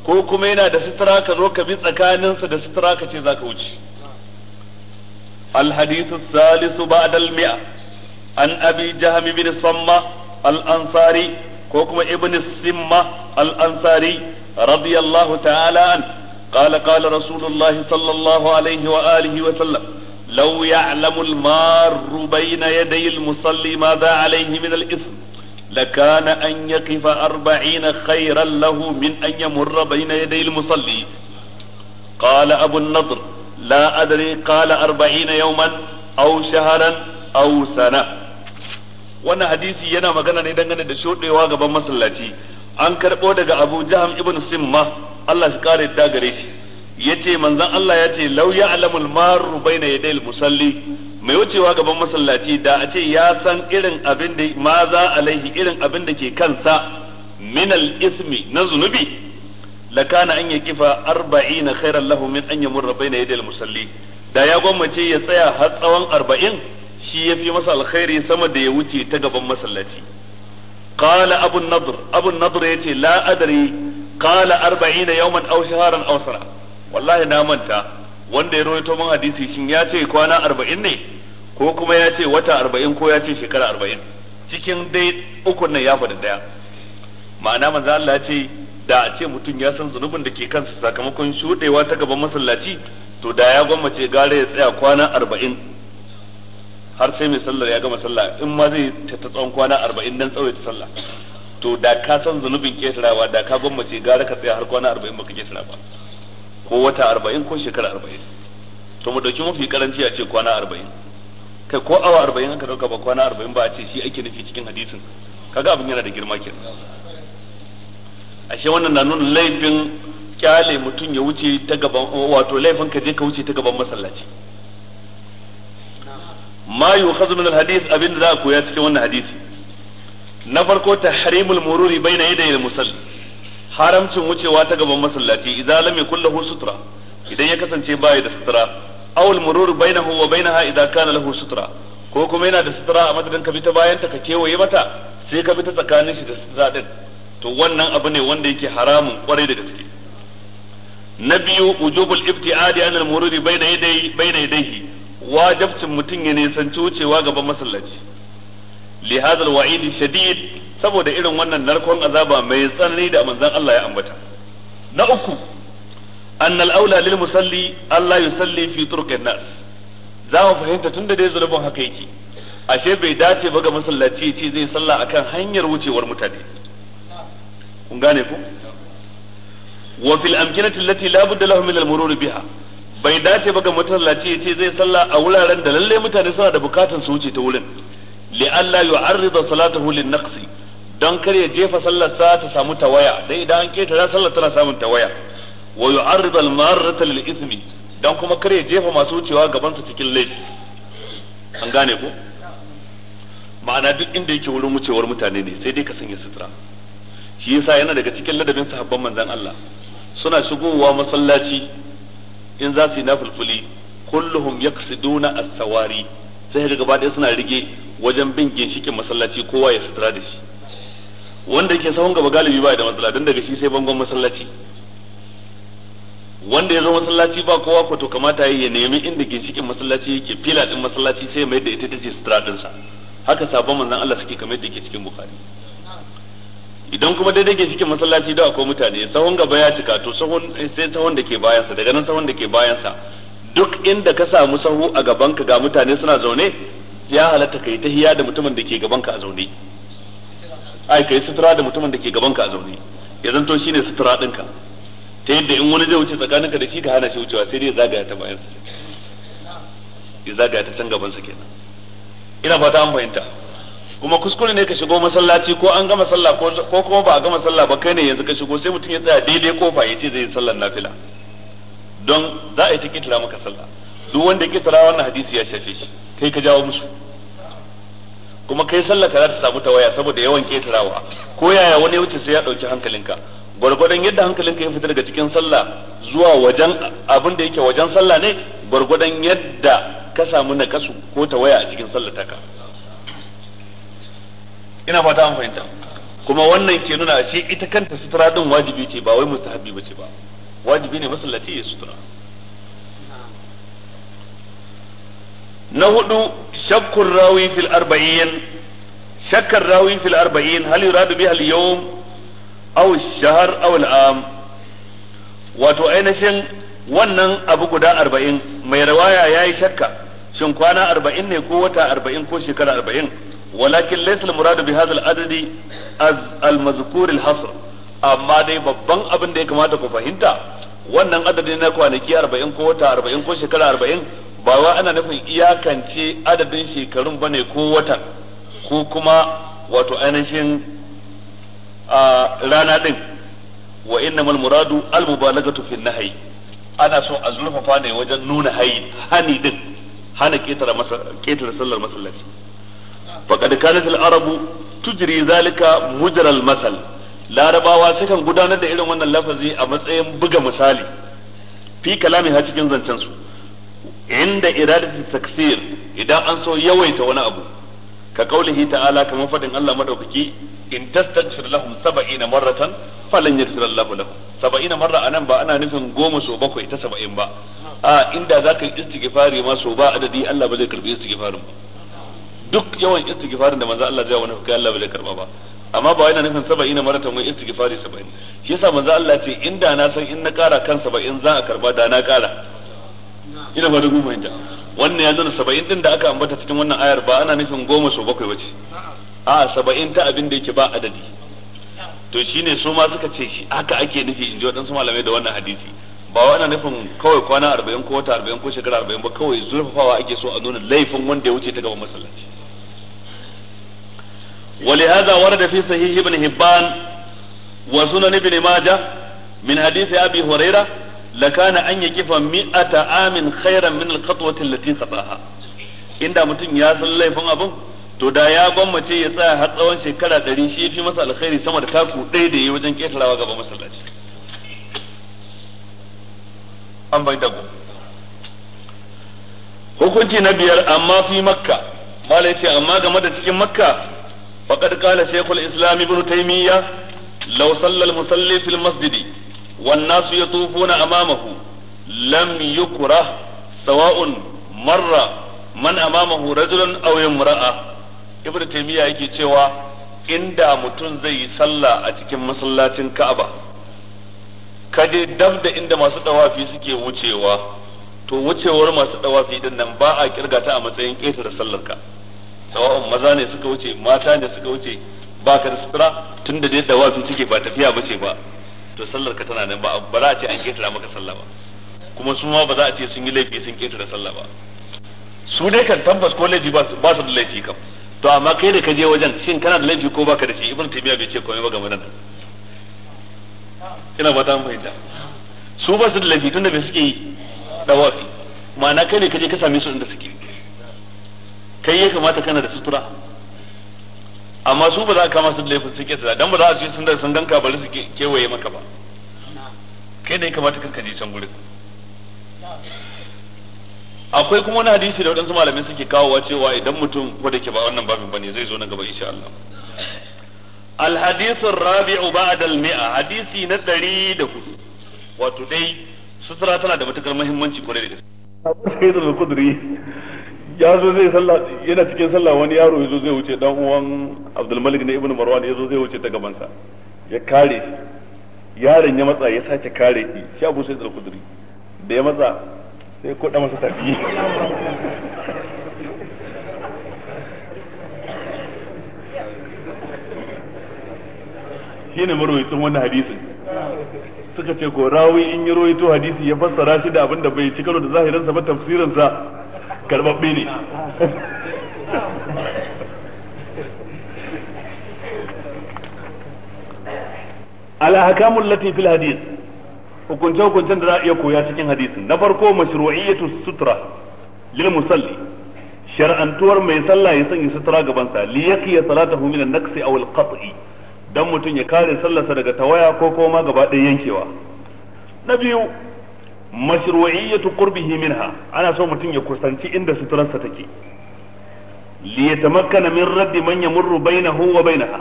ko kuma yana da sutura ka zo ka bi tsakaninsa da sutura ka ce zaka wuce الحديث الثالث بعد المئة عن أبي جهم بن الصمة الأنصاري كوكما ابن السمة الأنصاري رضي الله تعالى عنه قال قال رسول الله صلى الله عليه وآله وسلم لو يعلم المار بين يدي المصلي ماذا عليه من الإثم لكان أن يقف أربعين خيرا له من أن يمر بين يدي المصلي قال أبو النضر لا أدري قال أربعين يوما أو شهرا أو سنة wannan hadisi yana magana ne dangane da shodewa gaban masallaci an karbo daga Abu Jahm ibn Simma Allah shi kare da gare shi yace manzon Allah yace law ya'lamul maru baina musalli mai wucewa gaban masallaci da a ce ya san irin abin da ma za alaihi irin abin da ke kansa min al ismi na zunubi lakana an yakifa 40 khairan lahu min an yamurra baina yadayil musalli da ya gwammace ya tsaya har tsawon 40 shi yafi masa alkhairi sama da ya wuce ta gaban masallaci qala abun nadr abun nadr yace la adri qala 40 yawman aw shaharan aw sana wallahi na manta wanda ya rawaito min hadisi shin ya ce kwana 40 ne ko kuma ya ce wata 40 ko ya ce shekara 40 cikin dai uku nan ya faɗi daya ma'ana manzo Allah ya ce da a ce mutum ya san zunubin da ke kansa sakamakon shudewa ta gaban masallaci to da ya gwammace gare ya tsaya kwana 40 har sai mai sallar ya gama sallah in ma zai ta tsawon kwana 40 dan tsawaita sallah to da ka san zunubin ƙetarawa da ka gwammace gara ka tsaya har kwana arba'in baka ketara ba ko wata arba'in ko shekara arba'in to mu dauki mafi karanci a ce kwana arba'in kai ko awa arba'in aka dauka ba kwana arba'in ba a ce shi ake nufi cikin hadisin kaga abin yana da girma ke. ashe wannan na nuna laifin kyale mutum ya wuce ta gaban wato laifin ka je ka wuce ta gaban masallaci ma yukhadhu min alhadith abin da za a koya cikin wannan hadisi na farko tahrimul mururi baina yadayil musalli haramcin wucewa ta gaban masallaci idza lam yakul lahu sutra idan ya kasance baya da sutura aw al murur bainahu wa bainaha idza kana lahu sutura ko kuma yana da sutura a madadin ka bi ta bayan ta ka kewaye mata sai ka bi ta tsakanin shi da sutura din to wannan abu ne wanda yake haramun kwarai da gaske na biyu wujubul ibtiadi al mururi bayna yadayhi bayna yadayhi wajibcin mutum ya nisanci wucewa gaban masallaci li hadha al-wa'id shadid saboda irin wannan narkon azaba mai tsanani da manzon Allah ya ambata na uku anna al-aula lil musalli Allah yusalli fi turqin nas za mu fahimta tunda dai zulubin haka yake ashe bai dace ba ga masallaci ce zai sallah akan hanyar wucewar mutane kun gane ku wa fil amkinati allati la budda lahum min al-murur biha bai dace ba ga masallaci ce zai sallah a wuraren da lalle mutane suna da bukatun su wuce ta wurin li'alla yu'arrida salatahu lin-naqs dan kar ya jefa sallar sa ta samu tawaya dan idan an da sallar tana samun tawaya wa yu'arrida al-marrata lil-ithmi dan kuma kar ya jefa masu wucewa gaban sa cikin laifi an gane ko ma'ana duk inda yake wurin wucewar mutane ne sai dai ka sanya sutura shi yasa yana daga cikin ladabin sahabban manzon Allah suna shigowa masallaci in za su yi nafulfuli kulluhum yaqsiduna as-sawari sai ga gaba ɗaya suna rige wajen bin ginshikin masallaci kowa ya sutura da shi wanda yake sahun gaba galibi ba da matsala don daga shi sai bangon masallaci wanda ya zo masallaci ba kowa ko to kamata ya nemi inda ginshikin masallaci yake fila din masallaci sai mai da ita ta ce sutura dinsa haka sabon manzon Allah suke kamar yadda yake cikin bukari idan kuma daidai ginshikin masallaci da akwai mutane sahun gaba ya cika to sahun sai sahun da ke bayansa daga nan sahun da ke bayansa duk inda ka samu sahu a gabanka ga mutane suna zaune ya halatta kai hiya da mutumin da ke gabanka a zaune ai kai sutura da mutumin da ke gabanka a zaune ya zanto shine sutura dinka. ta yadda in wani zai wuce tsakaninka da shi ka hana shi wucewa sai dai zagaya ta sa ya zagaya ta can gaban sa kenan ina fata an fahimta kuma kuskure ne ka shigo masallaci ko an gama sallah ko kuma ba a gama sallah ba kai ne yanzu ka shigo sai mutum ya tsaya daidai kofa ya ce zai yi sallar nafila don za a yi ta kitara maka sallah duk wanda ya kitara wannan hadisi ya shafe shi kai ka jawo musu kuma kai sallah ka za ta samu ta waya saboda yawan ƙetarewa ko yaya wani ya wuce sai ya dauki hankalinka gwargwadon yadda hankalinka ya fita daga cikin sallah zuwa wajen abin da yake wajen sallah ne gwargwadon yadda ka samu na kasu ko ta waya a cikin sallah taka ina fata an fahimta kuma wannan ke nuna shi ita kanta sutura din wajibi ce ba wai mustahabi ce ba wajibi ne masallaci ya sutura na hudu shakkun rawi fil arba'in shakkar rawi fil arba'in hal yuradu biha al yawm aw shahr aw al am wato ainihin wannan abu guda arba'in mai rawaya yayi shakka shin kwana arba'in ne ko wata arba'in ko shekara arba'in walakin laysa al muradu bi hadha al adadi al mazkur al hasr amma dai babban abin da ya kamata ku fahimta wannan adadin na kwanaki arba'in ko wata arba'in ko shekara arba'in ba wa ana nufin iyakance adadin shekarun bane ko wata ko kuma wato ainihin rana din wa innamal muradu al mubalagatu fi nahyi ana so a zurfafa ne wajen nuna hayi hani din hana masa ketara sallar masallaci faqad kanat al arabu tujri zalika mujral masal larabawa sukan gudanar da irin wannan lafazi a matsayin buga misali fi kalami ha cikin zancen su inda iradatu taksir idan an so yawaita wani abu ka kaulihi ta'ala kamar fadin Allah madaukaki in tastaghfir lahum 70 marratan falan yaghfir Allah lahum 70 marra anan ba ana nufin goma so bakwai ta 70 ba a inda zaka yi istighfari ma so ba adadi Allah ba zai karbi istighfarin ba duk yawan istighfarin da manzo Allah zai wani fuka Allah ba zai karba ba amma ba yana nufin saba'in na maratan wai istighfari saba'in shi yasa manzo Allah ce inda na san in na kara kan saba'in za a karba da na kara ina ba da inda wannan ya zana saba'in din da aka ambata cikin wannan ayar ba ana nufin goma sau bakwai bace a saba'in ta abin da yake ba adadi to shine su ma suka ce shi haka ake nufi in ji waɗansu malamai da wannan hadisi ba wa ana nufin kawai kwana arba'in ko wata arba'in ko shekara arba'in ba kawai zurfafawa ake so a nuna laifin wanda ya wuce ta gaban masallaci ولهذا ورد في صحيح ابن هبان وسنن ابن ماجه من حديث ابي هريره لكان ان يكف مئة عام خيرا من الخطوه التي خطاها إن متن يا صلى الله ابو to da ya gwammace ya tsaya har tsawon shekara ɗari shi fi masa alkhairi sama da taku ɗaya da yi wajen ƙetarawa gaba masallaci an bai dago hukunci na biyar amma fi makka malai ce amma game da cikin makka فقد قال شيخ الإسلام ابن تيمية لو صلى المصلي في المسجد والناس يطوفون أمامه لم يكره سواء مر من أمامه رجلا أو امرأة ابن تيمية يجي cewa inda mutum zai yi sallah a cikin masallacin Ka'aba kaje dab da inda masu dawafi suke wucewa to wucewar masu dawafi din nan ba a kirgata a matsayin ƙetare sallar sallarka sawa'un maza ne suka wuce mata ne suka wuce ba ka da sutura da dai dawafi suke ba tafiya ba ce ba to sallar ka tana nan ba ba za a ce an ketara maka sallah ba kuma su ma ba za a ce sun yi laifi sun ketara sallah ba su dai kan tabbas ko laifi ba su da laifi kam to amma kai da ka je wajen shin kana da laifi ko baka da shi ibn taymiya bai ce komai ba game nan ina ba ta fahimta su ba su da laifi tun da bai suke dawafi ma'ana kai ne ka je ka same su inda suke kai ya kamata kana da sutura amma su ba za ka kama su da laifin suke tsada dan ba za su yi sun da sun ganka bari su kewaye maka ba kai ne kamata kanka je can gurin akwai kuma wani hadisi da waɗansu malamai suke kawowa cewa idan mutum ko da ke ba wannan babin bane zai zo na gaba insha Allah rabi'u ba'da al mi'a hadisi na 104 wato dai sutura tana da matukar muhimmanci kwarai da gaske. al ya zo zai sallah yana cikin sallah wani yaro ya zo zai wuce dan uwan Abdulmalik na Ibn Marwan ya zo zai wuce ta gabansa ya kare yaron ya matsa ya sace kare shi shi Abu Sa'id al-Khudri da ya matsa sai koda masa tafi ne marwayin wannan hadisin suka ce ko rawi in yi rawaito hadisi ya fassara shi da abin da bai ci karo da zahirinsa ba tafsirinsa karbabbe ne alhakamun ahkamul lati fil hadith hukunce hukuncen da za a iya koya cikin hadisin na farko mashru'iyyatu sutra lil musalli shar'antuwar mai sallah ya sanya sutura gaban sa li yaqiya salatahu min an naqsi aw al-qat'i dan mutum ya kare sallarsa daga tawaya ko koma gaba ɗaya yankewa na biyu mashru'iyyatu qurbihi minha ana so mutum ya kusanci inda suturarsa take li yatamakkana min raddi man yamurru bainahu wa bainaha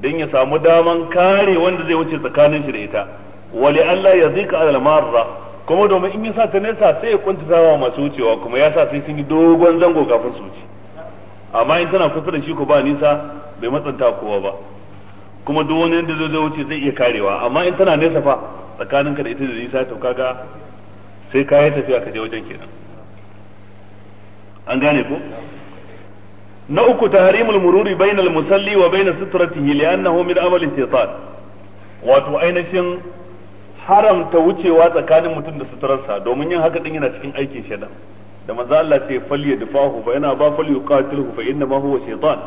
dan ya samu daman kare wanda zai wuce tsakanin shi da ita wa li alla yadhika ala marra kuma domin in yasa ta nesa sai ya kuntatawa masu wucewa kuma ya sa sai sun yi dogon zango kafin su wuce amma in tana kusa da shi ko ba nisa bai matsanta kowa ba kuma duk wani da zai wuce zai iya karewa amma in tana nesa fa tsakaninka da ita da nisa to kaga sai ka yi tafiya ka je wajen kenan an gane ko na uku tahrimul mururi bainal musalli wa bain sitratihi li'annahu min amali shaytan wato ainihin haramta wucewa tsakanin mutum da suturarsa domin yin haka din yana cikin aikin shaitan da manzo Allah ce falya dafahu fa yana ba falyu qatilhu fa inna ma huwa shaytan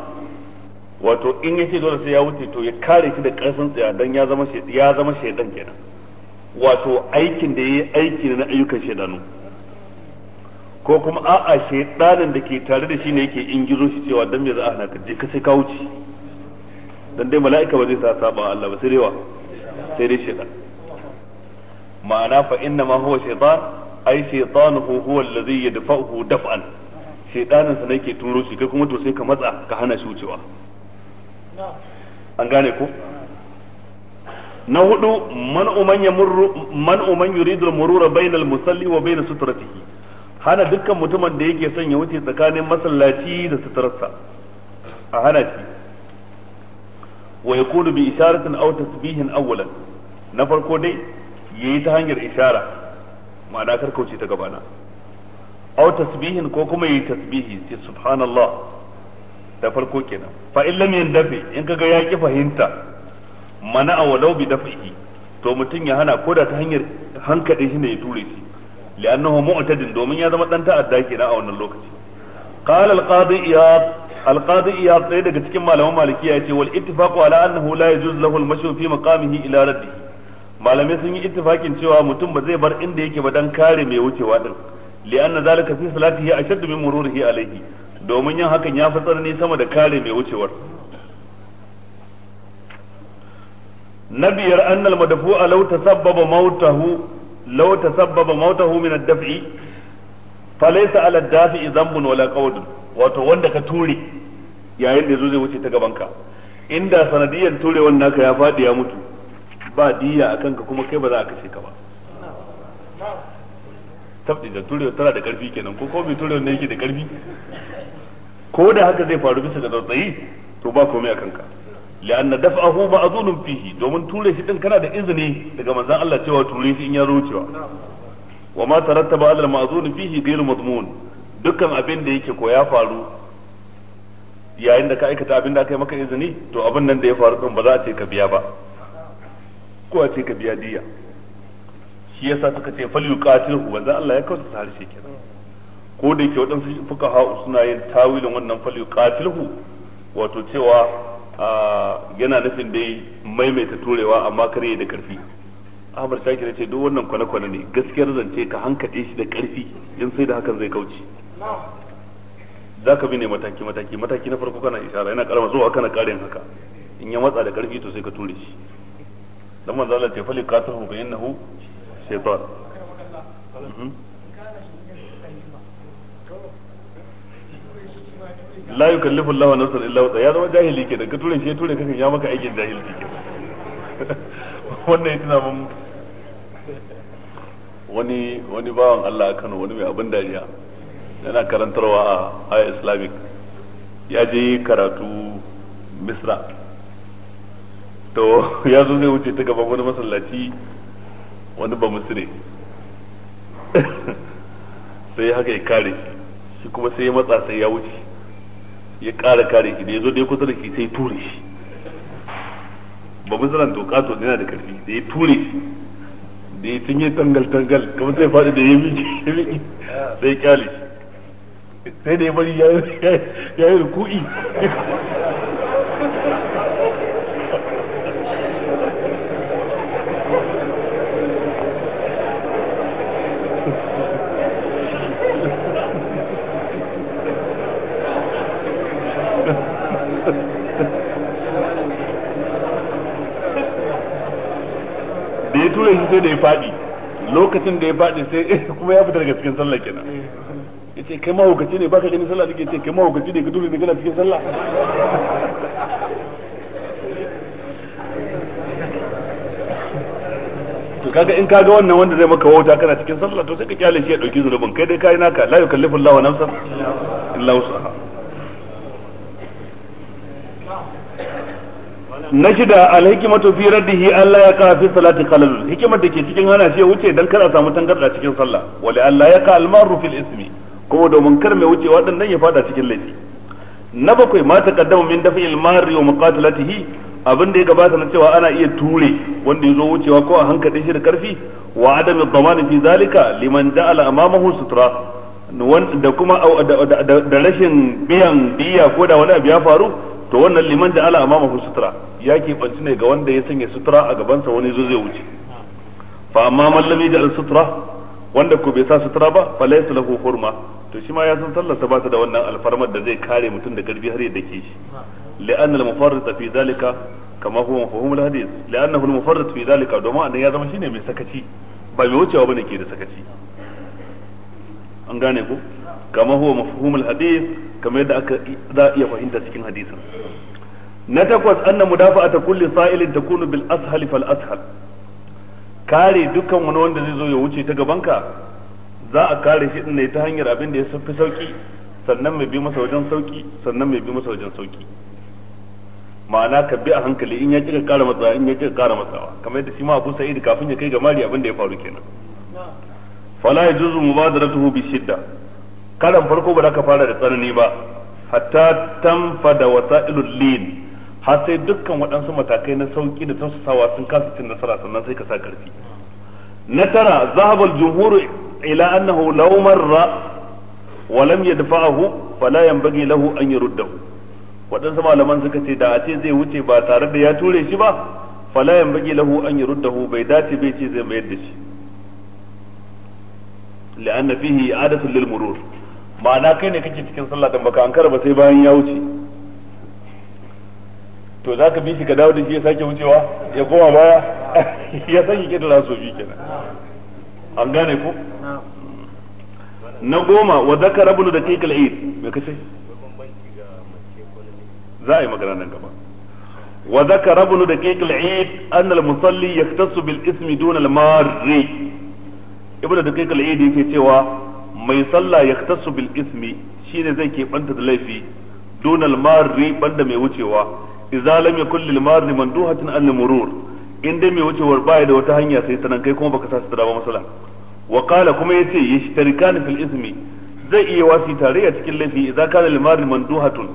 wato in yace dole sai ya wuce to ya kare shi da karfin tsaya dan ya zama ya zama kenan wato aikin da yayi aiki na ayyukan shedanu ko kuma a'a shedanin da ke tare da shi ne yake ingizo shi cewa dan me za a hana ka je ka sai ka wuce dan dai mala'ika ba zai sa saba Allah ba sai rewa sai dai shedan ma'ana fa inna ma huwa shaytan ai shaytanuhu huwa alladhi yadfa'uhu daf'an shaytanin sa yake turo shi kai kuma to sai ka matsa ka hana shi wucewa an gane ko na hudu man uman yamurru man uman yuridu al-murura bainal musalli wa bain sutratihi hana dukkan mutumin da yake son ya wuce tsakanin masallaci da suturarsa a hana shi wa yakunu bi isharatin aw tasbihin awwalan na farko dai yayi ta hanyar ishara ma'ana kar kauce ta gabana aw tasbihin ko kuma yayi tasbihi sai subhanallah da farko kenan fa in lam yandafi in kaga ya ki fahimta mana a walau bi dafihi to mutum ya hana koda ta hanyar hankali shi ne ya ture shi li'annahu mu'tadin domin ya zama dan ta'adda kenan a wannan lokaci qala al-qadi iyad al-qadi iyad sai daga cikin malaman malikiya yace wal ittifaqu ala annahu la yajuz lahu al mashu fi maqamihi ila raddi malamai sun yi ittifakin cewa mutum ba zai bar inda yake ba dan kare mai wucewa din li'anna zalika fi salatihi ashaddu min mururihi alayhi domin yin hakan ya fi tsanani sama da kare mai wucewar na biyar annal a lauta tasabbaba mautahu lauta tasabbaba mautahu min ad-daf'i falaysa 'ala ad-dafi'i dhanbun wala qawdun wato wanda ka ture yayin da yazo zai wuce ta gaban ka inda sanadiyan wannan naka ya fadi ya mutu ba diya akan ka kuma kai ba za a kashe ka ba tabbi da ture tana da karfi kenan ko ko bi ture ne yake da karfi ko da haka zai faru bisa ga tsayi to ba komai akan ka li'anna daf'ahu ma'zunun fihi domin ture shi din kana da izini daga manzon Allah cewa ture shi in ya wucewa wa ma tarattaba 'ala al-ma'zun fihi ghayr madmun dukkan abin da yake ko ya faru yayin da ka aikata abin da aka yi maka izini to abin nan da ya faru din ba za a ce ka biya ba ko a ce ka biya diya shi yasa suka ce fal yuqatilhu manzon Allah ya kausa harshe kenan ko da yake waɗansu fuqaha suna yin tawilin wannan fal yuqatilhu wato cewa yana nufin dai maimaita turewa amma kare da karfi Ahmad Shakir ce duk wannan kwane-kwane ne gaskiyar zance ka hankali shi da karfi in sai da hakan zai kauce za ka bi ne mataki mataki mataki na farko kana ishara yana karama zuwa kana karin haka in ya matsa da karfi to sai ka ture shi dan manzo Allah ce fali qatahu fa innahu shaytan mhm. la yukallifu Allahu nafsan illa wusa ya zama jahili ke da ka turin shi turin kakan ya maka aikin jahilci ke wannan yana mun wani wani bawan Allah a Kano wani mai abin dariya yana karantarwa a Aya Islamic ya je karatu Misra to ya zo zai wuce ta gaba wani masallaci wani ba musire sai haka ya kare shi kuma sai ya matsa sai ya wuce ya ƙara kare shi da ya zo da ya kusa da shi sai ture shi ba mu sanar doka to yana da karfi da ya ture shi da ya tunye tangal tangal kamar sai faɗi da ya yi miki sai kyale sai da ya bari ya yi rukui zo da ya faɗi lokacin da ya faɗi sai kuma ya fita daga cikin sallah kenan yace kai mahaukaci ne baka ganin sallah take yace kai mahaukaci ne ka dole daga cikin sallah to kaga in kaga wannan wanda zai maka wauta kana cikin sallah to sai ka kyale shi ya dauki zunubin kai dai kai naka la yukallifu Allahu nafsan illa wus'aha na shida alhikimatu fi raddihi Allah ya ka fi salati khalal hikimar da ke cikin hana shi wuce dan kar a samu tangarda cikin sallah wala Allah ya ka almaru fil ismi domin kar mai wuce waɗannan ya fada cikin laifi na bakwai ma taqaddama min daf'il marri wa muqatalatihi abin da ya gabata na cewa ana iya ture wanda ya zo wucewa ko a hankali shi da karfi wa adami dhamani fi zalika liman ja'ala amamahu sutra da kuma da rashin biyan biya ko da wani abu ya faru to wannan liman da ala amamahu sutura ya keɓanci ne ga wanda ya sanya sutura a gabansa wani zo zai wuce fa amma man lam yaj'al sutura wanda ko bai sa sutura ba fa laysa lahu hurma to shi ma ya san sallarsa ba ta da wannan alfarmar da zai kare mutum da garbi har ya dake shi لأن المفرط في ذلك كما هو مفهوم الحديث لأنه المفرط في ذلك دوما أن يزم mai من ba bai wucewa bane ke da sakaci an gane ko kama huwa mafhumul hadith kamar yadda aka za a iya fahimta cikin hadisin na takwas anna mudafa'ata kulli sa'ilin takunu bil ashal fal ashal kare dukkan wani wanda zai zo ya wuce ta gabanka za a kare shi din ne ta hanyar abin da ya fi sauki sannan mai bi masa wajen sauki sannan mai bi masa wajen sauki ma'ana ka bi a hankali in ya kika kara matsawa in ya kika kara matsawa kamar yadda shi ma Abu Sa'id kafin ya kai ga mari abin da ya faru kenan fala yajuzu mubadaratuhu bi shidda karan farko ba za ka fara da tsanani ba hatta tanfada wasa'ilul lin har sai dukkan waɗansu matakai na sauki da tausasawa sun kasa cin nasara sannan sai ka sa ƙarfi. na tara zahabar jumhur ila annahu law marra wa lam yadfa'ahu fala yanbaghi lahu an yurdahu waɗansu malaman suka ce da a ce zai wuce ba tare da ya ture shi ba fala yanbaghi lahu an yurdahu bai dace bai ce zai mayar da shi la'anna fihi i'adatu lil ma'ana kai ne kake cikin sallah dan baka ankara ba sai bayan ya wuce to za ka bi shi ka dawo da shi ya sake wucewa ya koma baya ya sake da so bi kenan an gane ko na goma wa zakara ibn da kekal eid me kace za a yi magana nan gaba wa zakara ibn da kekal eid an al musalli yaktasu bil ismi dun al marri ibnu da kekal eid yake cewa mai sallah ya tasu bil ismi shine zai banta da laifi dunal marri banda mai wucewa idza lam yakul lil marri manduhatin an murur in dai mai wucewar baya da wata hanya sai tanan kai kuma baka sa su ba masala wa qala kuma yace yashtarikan fil ismi zai iya wasi tare a cikin laifi idza kana lil marri manduhatun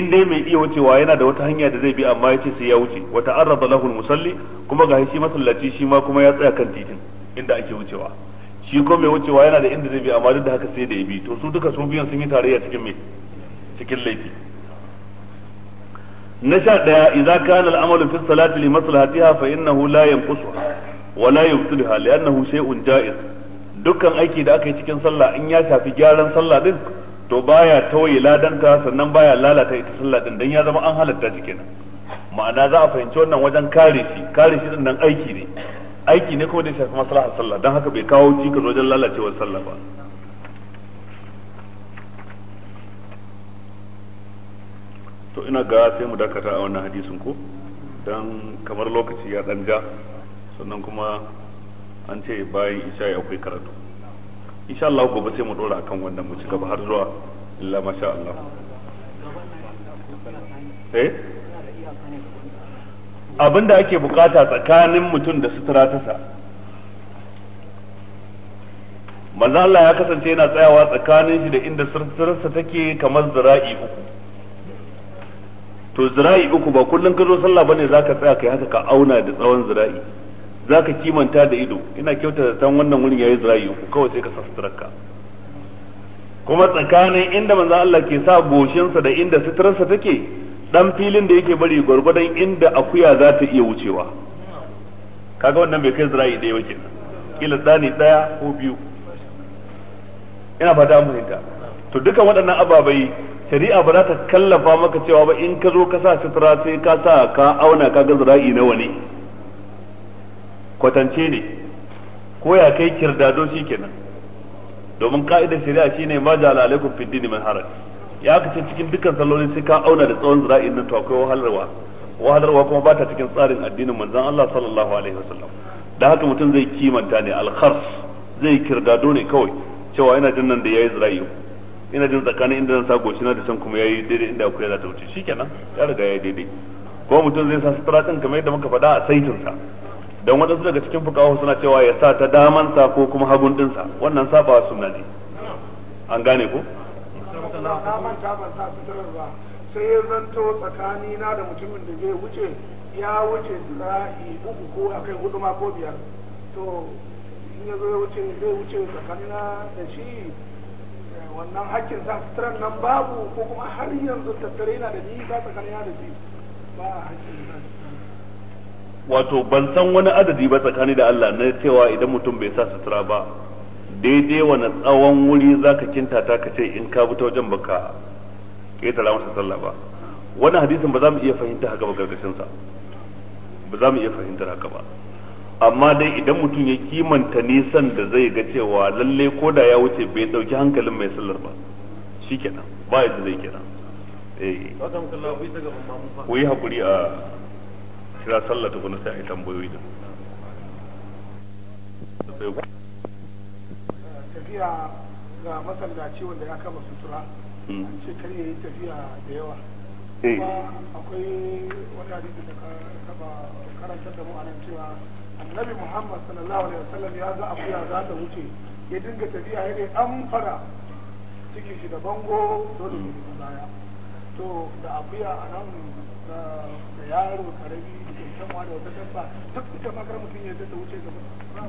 in dai mai iya wucewa yana da wata hanya da zai bi amma yace sai ya wuce wa ta'arrada lahu musalli kuma ga shi masallaci shi ma kuma ya tsaya kan titin inda ake wucewa shi ko mai wucewa yana da inda zai bi amma duk da haka sai da ya bi to su duka su biyan sun yi tarayya cikin mai cikin laifi na sha ɗaya idza kana al-amalu fi salati li maslahatiha fa innahu la yanqusu wa la yubtiluha annahu shay'un ja'iz dukkan aiki da aka yi cikin sallah in ya shafi gyaran sallah din to baya tawaye ladanta sannan baya lalata ita sallah din dan ya zama an halatta shi ma'ana za a fahimci wannan wajen kare shi kare shi din nan aiki ne aiki ne kuma da shafi maslahar sallah don haka bai kawo cikas wajen lalacewar sallah ba to ina ga sai mu dakata a wannan hadisin ko don kamar lokaci ya dan ja sannan kuma an ce bayan isha akwai karatu insha Allah gobe sai mu dora akan wannan mu ci gaba har zuwa illa masha Allah eh Abin da ake bukata tsakanin mutum da sutura ta sa manzo Allah ya kasance yana tsayawa tsakanin shi da inda suturarsa take kamar zira'i uku to zira'i uku ba kullum ka zo sallah bane zaka tsaya kai haka ka auna da tsawon zira'i zaka kimanta da ido ina kyauta da tan wannan wurin yayi zira'i uku kawai sai ka sa suturarka kuma tsakanin inda manzo Allah ke sa goshinsa da inda suturarsa take dan filin da yake bari gwargwadon inda akuya za ta iya wucewa kaga wannan bai kai zira'i ɗaya yake kila tsani ɗaya ko biyu ina fata an fahimta to dukan waɗannan ababai shari'a ba za ta kallafa maka cewa ba in ka zo ka sa sutura sai ka sa ka auna ka ga zira'i nawa ne kwatance ne ko ya kai kirdado kenan domin ka'idar shari'a shine ma ja'ala fid dini min haraj ya kace cikin dukkan salloli sai ka auna da tsawon zira'in nan to akwai wahalarwa wahalarwa kuma ba ta cikin tsarin addinin manzon Allah sallallahu alaihi wasallam da haka mutum zai kimanta ne al-khars zai kirdado ne kawai cewa ina jin nan da yayi zira'i ina jin tsakanin inda zan sa goshi na da san kuma yayi daidai inda akwai za ta wuce shikenan ya riga yayi daidai ko mutum zai sa sutura din kamar yadda muka faɗa a saitin sa dan wadansu daga cikin fuqaha suna cewa ya sa ta daman sa ko kuma hagun din sa wannan saba sunna ne an gane ko na manta ban sa ba sai ya zanto tsakani na da mutumin da zai wuce ya wuce zira'i uku ko hudu biyar to in ya zo ya wuce zai wuce tsakani na da shi wannan hakkin sa suturar nan babu ko kuma har yanzu tattare da nisa tsakani na da shi ba hakkin wato ban san wani adadi ba tsakani da Allah na cewa idan mutum bai sa sutura ba daidai wani tsawon wuri za ka kintata ka ce in ka bi ta wajen baka ketara masa sallah ba wani hadisin ba za mu iya fahimta haka ba gargashinsa ba za mu iya fahimtar haka ba amma dai idan mutum ya kimanta nisan da zai ga cewa lalle ko da ya wuce bai dauki hankalin mai sallar ba shi kenan ba yadda zai kira eh ku yi a kira sallah tukuna sai a yi tambayoyi da tafiya ga masallaci wanda ya kama sutura hmm. an ce kar ya tafiya da yawa eh. kuma akwai wata hadisi da ka kaba karanta da mu anan cewa annabi muhammad sallallahu alaihi wasallam ya ga akuya za ta wuce ya dinga tafiya ya ne an fara cikin shi da bango dole ne hmm. da baya to da akuya a nan da yaro karami duk ya ta wuce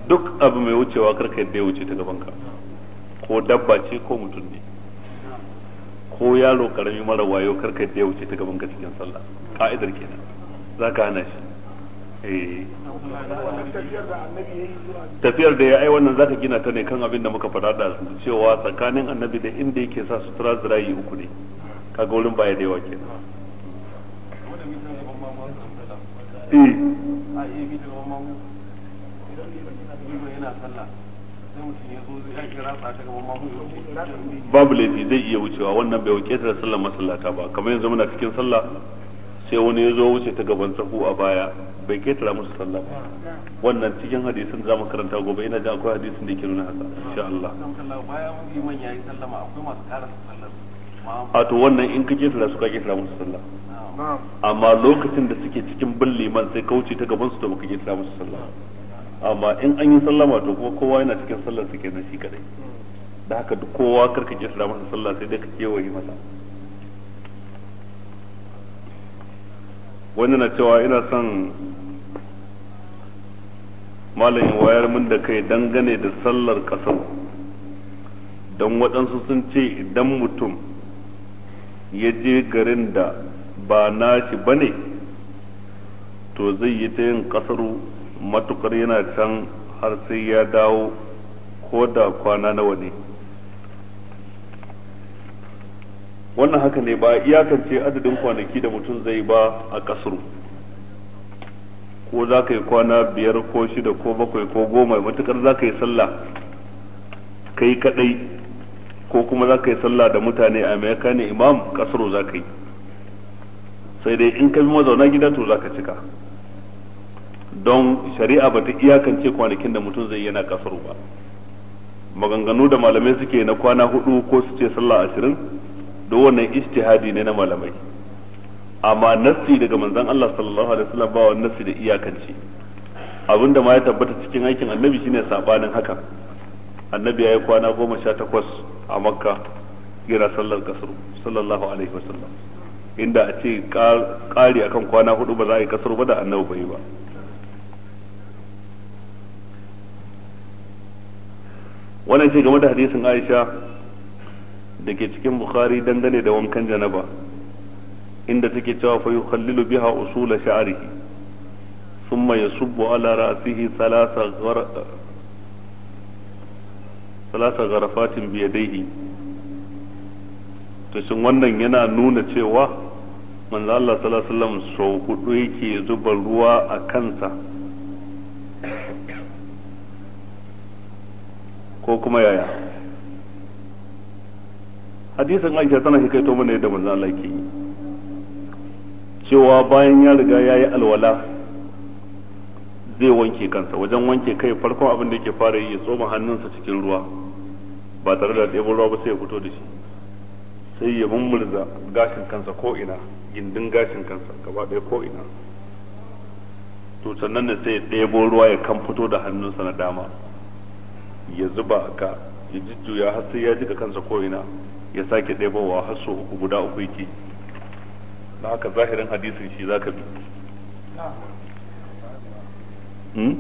duk abu mai wucewa karka yadda ya wuce ta gaban ka ko dabba ce ko mutum ne ko yaro karami mara wayo karka da wuce ta gaban cikin sallah ka'idar kenan za ka hana shi eh. tafiyar da ya ai wannan zaka gina ta ne kan abin da muka faɗa da cewa tsakanin annabi da inda yake sa sutura zirayi uku ne kaga wurin baya da yawa kenan eh babu laifi zai iya wucewa wannan bai wuce ta sallar masallata ba kamar yanzu muna cikin sallah sai wani ya zo wuce ta gaban sahu a baya bai ketara musu sallah ba wannan cikin hadisin za mu karanta gobe ina da akwai hadisin da ke nuna haka insha Allah a to wannan in ka ketara su ka ketara musu sallah amma lokacin da suke cikin bin liman sai ka wuce ta gaban su to ka ketara musu sallah amma in an yi sallama to kuma kowa yana cikin sallar sa kenan shi kadai da haka duk kowa karka je da masa sallah sai dai ka wayi masa wani na cewa ina son malamin wayar min da kai dangane da sallar kasar don waɗansu sun ce idan mutum ya je garin da ba nashi ba ne to zai yi ta yin kasaru matukar yana can har sai ya dawo ko da kwana nawa ne wannan haka ne ba iyakance adadin kwanaki da mutum zai ba a kasuru ko za ka yi kwana biyar ko shida ko bakwai ko goma matukar za ka yi sallah kai kadai ko kuma za ka yi sallah da mutane a mai ne imam kasuru za ka yi sai dai in ka bi mazauna gida to za ka cika don shari'a ba ta iyakance kwanakin da mutum zai yana kasaru ba maganganu da malamai suke na kwana hudu ko su ce sallah ashirin da wannan istihadi ne na malamai amma nassi daga manzon Allah sallallahu alaihi wasallam ba wannan nassi da iyakance abinda ma ya tabbata cikin aikin annabi shine sabanin haka annabi ya yi kwana goma sha takwas a makka yana sallar kasar sallallahu alaihi wasallam inda a ce kari akan kwana hudu ba za a yi kasar ba da annabi bai ba wannan ce game da hadisin Aisha da ke cikin Bukhari dangane da wankan janaba inda take cewa fa yukhallilu biha usul sha'rihi thumma yasubbu ala ra'sihi thalatha ghar thalatha gharafatin bi yadayhi to wannan yana nuna cewa manzo Allah sallallahu alaihi wasallam sau hudu yake zuba ruwa a kansa ko kuma yaya hadisin aisha tana hikaito mana yadda manzo Allah ke yi cewa bayan ya riga ya yi alwala zai wanke kansa wajen wanke kai farkon abin da yake fara yi ya tsoma hannunsa cikin ruwa ba tare da ɗebo ruwa ba sai ya fito da shi sai ya mummurza gashin kansa ko ina gindin gashin kansa gaba ɗaya ko ina to sannan da sai ya ɗebo ruwa ya kan fito da hannunsa na dama ya zuba a ka ya jujjuya har sai ya ka kansa ko ya sake ɗebowa har so uku guda uku yake na haka zahirin hadisin shi ka bi hmm?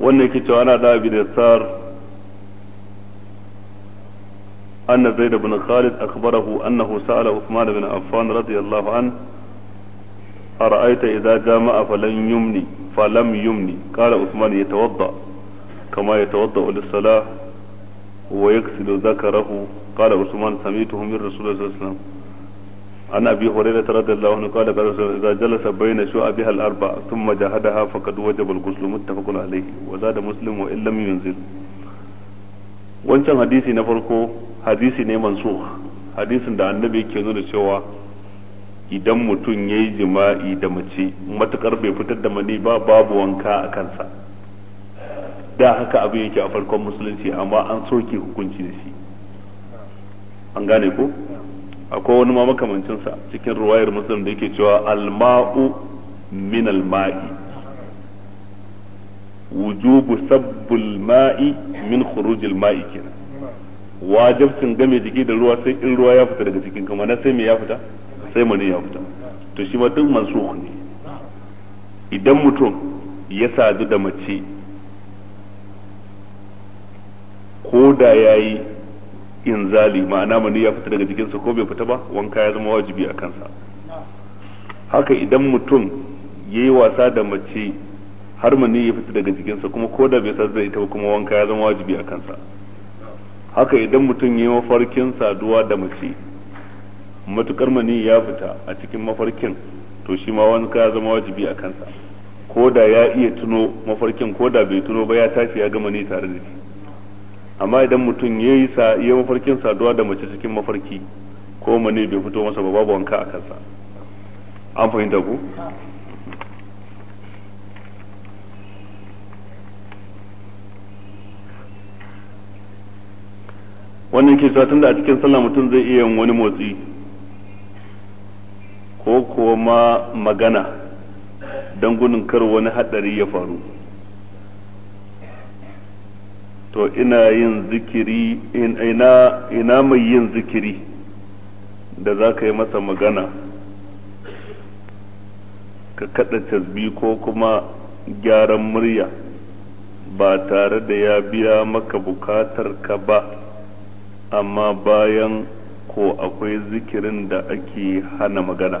wannan yake cewa ana da bin yasar أن زيد بن خالد أخبره أنه سأل عثمان بن عفان رضي الله عنه أرأيت إذا جامع فلن يمني falam yumni qala usman yatawadda kama yatawadda lis-salah wa yaghsilu dhakarahu qala usman samituhu min rasulullah sallallahu alaihi wasallam عن ابي هريره رضي الله عنه قال قال اذا جلس بين شعبها الاربع ثم جهدها فقد وجب الغسل متفق عليه وزاد مسلم وان لم ينزل wancan hadisi na farko hadisi ne mansukh hadisin da annabi yake nuna cewa idan mutum ya yi jima'i da mace matukar bai fitar da mani ba babu wanka a kansa da haka abu yake a farkon musulunci amma an soke hukunci da shi an gane ko akwai wani ma makamancinsa cikin ruwayar musulun da yake cewa alma'u min alma'i wujubu sabbul ma'i min khurujil ma'i kenan wajibcin game jiki da ruwa sai in ruwa ya fita daga cikin kamar sai me ya fita sai mani ya fita to shi ma duk mansukh ne idan mutum ya sadu da mace ko da yayi inzali ma'ana mani ya fita daga jikinsa ko bai fita ba wanka ya zama wajibi a kansa haka idan mutum ya yi wasa da mace har mani ya fita daga jikinsa kuma ko da bai sadu da ita kuma wanka ya zama wajibi a kansa haka idan mutum ya yi mafarkin saduwa da mace matukar mani ya fita a cikin mafarkin to shi ma wani ka zama wajibi a kansa ko da ya iya tuno mafarkin ko da bai tuno ba ya tashi ya gama ni tare da shi amma idan mutum ya yi sa ya mafarkin saduwa da mace cikin mafarki ko mani bai fito masa ba babu wanka a kansa an fahimta ku wannan ke cewa da a cikin sallah mutum zai iya yin wani motsi ko kuwa ma magana don gudun kar wani haɗari ya faru to ina yin zikiri ina, mai yin zikiri da za ka yi masa magana ka kaɗa tasbi ko kuma gyaran murya ba tare da ya biya maka bukatar ka ba amma bayan ko akwai zikirin da ake hana magana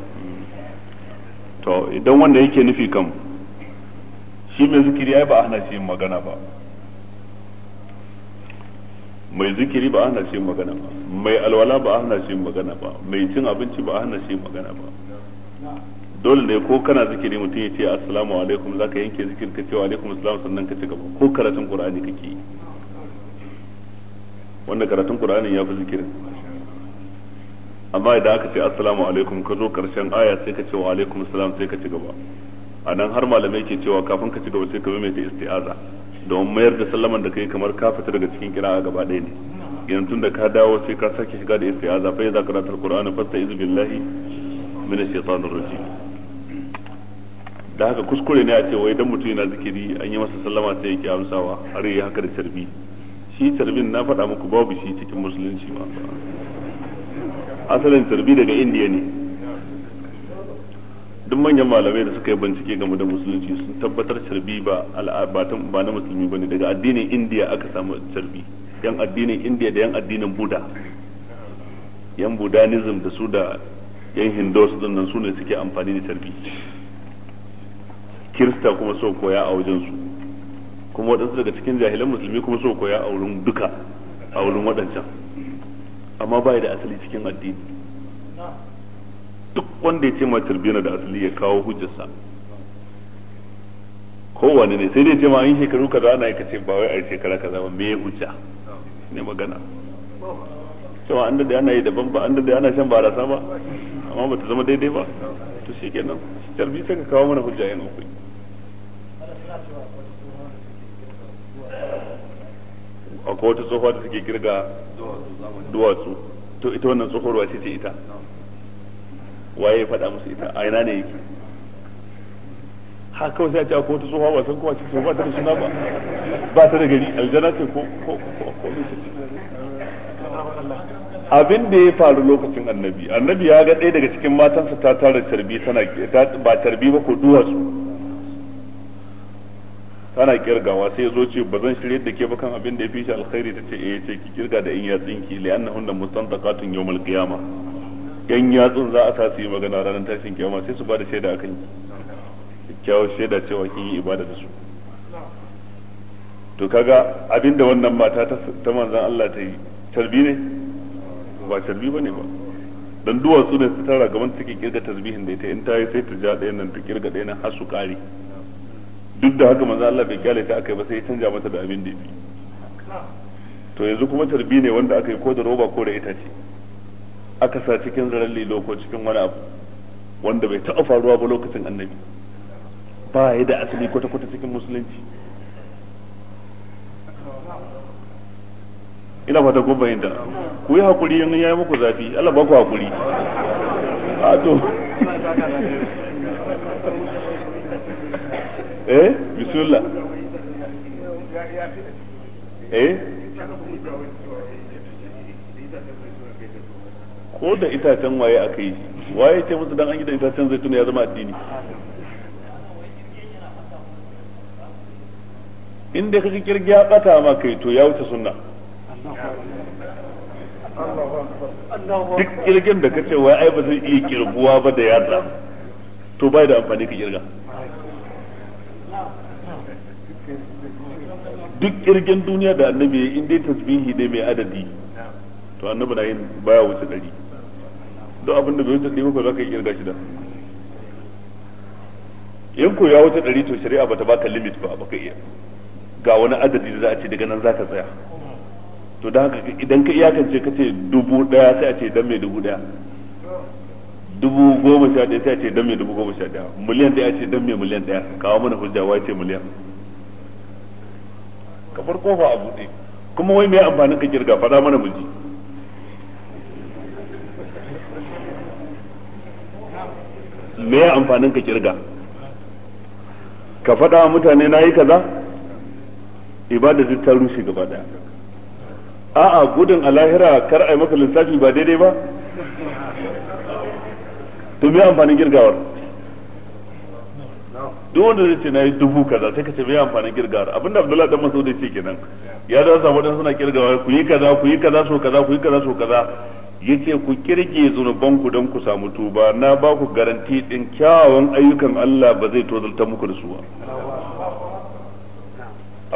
to idan wanda yake nufi kan shi mai zikiri ai ba a hana shi yin magana ba mai zikiri ba a hana shi yin magana ba mai alwala ba a hana shi yin magana ba mai cin abinci ba a hana shi yin magana ba dole ne ko kana zikiri mutum ya ce assalamu alaikum zaka yanke zikir ka ce wa alaikum assalam sannan ka ci gaba ko karatun qur'ani kake yi wanda karatun qur'anin ya fi zikirin amma idan aka ce assalamu alaikum ka zo karshen aya sai ka ce wa alaikum salam sai ka ci gaba a nan har malamai ke cewa kafin ka ci gaba sai ka mai ta isti'aza domin mayar da sallaman da kai kamar ka fita daga cikin kira gaba ɗaya ne yanzu tun da ka dawo sai ka sake shiga da isti'aza fa yaza qira'atul qur'ani fasta'iz billahi minash shaitanir rajim da haka kuskure ne a ce wai dan mutum yana zikiri an yi masa sallama sai yake amsawa har yi haka da tarbi shi tarbin na faɗa muku babu shi cikin musulunci ma asalin turbi daga indiya ne duk manyan malamai da suka yi bincike game da musulunci sun tabbatar carbi ba ba na musulmi bane daga addinin indiya aka samu carbi yan addinin indiya da yan addinin buda yan budanism da su da yan hindus din nan su ne suke amfani da carbi kirista kuma so koya a wajen su kuma waɗansu daga cikin jahilan musulmi kuma so koya a wurin duka a wurin waɗancan amma ba da asali cikin addini duk wanda ya ce ma turbina da asali ya kawo hujjarsa kowane ne sai dai ce ma an shekaru kaza ana yi kace ba wai a shekara kaza ba me hujja ne magana cewa an da ana yi daban ba an da ana shan barasa ba amma ba ta zama daidai ba to shikenan tarbi sai ka kawo mana hujja yana akwai akwai wata tsohuwa da suke girga duwatsu to ita wannan tsohuwar wasu ce ita waye ya faɗa musu ita a ina ne yake ha kawai sai a ce akwai wata tsohuwa wasan kowa ce ba ta da suna ba ba ta da gari aljana ce ko ko ko abin da ya faru lokacin annabi annabi ya ga ɗaya daga cikin matansa ta tara tarbi tana ba tarbi ba ko duwatsu tana kirgawa sai zo ce ba zan shirye da ke ba kan abin da ya fi shi alkhairi ta ce eh ce ki kirga da in yatsin ki li anna hunna mustantaqatun yawmal qiyama yan yatsun za a sa su yi magana ranar tashin kiyama sai su ba da shaida akan ki kyakkyawar shaida cewa kin yi ibada da su to kaga abin da wannan mata ta manzon Allah ta yi tarbi ne ba tarbi bane ba dan duwatsu ne su tara gaban take kirga tasbihin da ita in ta yi sai ta ja ɗayan nan ta kirga ɗayan nan har su ƙare duk da haka manzo Allah bai kyale ta akai ba sai ya canja mata da abin da yafi to yanzu kuma tarbi ne wanda aka yi ko da roba ko da itace aka sa cikin zaren lilo ko cikin wani abu wanda bai taɓa faruwa ba lokacin annabi ba ya da asali kwata-kwata cikin musulunci ina fata kun da ku yi hakuri in yi muku zafi Allah ba ku hakuri a to eh bismillah eh ko da itacen waye aka yi waye ce musu dan an yi da itacen zaitun ya zama addini inda kaga kirgi ya bata ma kai to ya wuce sunna duk kirgin da kace wai ai ba zai iya kirguwa ba da yadda to bai da amfani ka kirga duk kirgin duniya da annabi ya inda dai tasbihi ne mai adadi to annabi na yin baya wuce ɗari duk abin da bai wuce ɗari ba za ka kirga shi da in ko ya wuce ɗari to shari'a bata baka limit ba baka iya ga wani adadi da za a ce daga nan za ka tsaya to da haka idan ka iyakance ka ce dubu ɗaya sai a ce dan mai dubu ɗaya dubu goma sha daya sai a ce dan mai dubu goma sha daya miliyan ɗaya a ce dan mai miliyan ɗaya kawo mana hujja wai ce miliyan ka kofa a buɗe kuma wai me amfanin ka kirga faɗa mana mu ji me amfanin ka kirga ka faɗa mutane na yi kaza ibada duk ta rushe gaba daya a'a gudun a lahira kar a yi maka lissafi ba daidai ba to me amfanin girgawar duk wanda zai ce na yi dubu kaza sai ka ce mai amfanin kirgawar abinda Abdullahi dan Mas'ud ya ce kenan ya da sa wadan suna kirgawa ku yi kaza ku yi kaza so kaza ku yi kaza so kaza ya ce ku kirge zunuban ku don ku samu tuba na ba ku garanti din kyawawan ayyukan Allah ba zai tozalta muku da su ba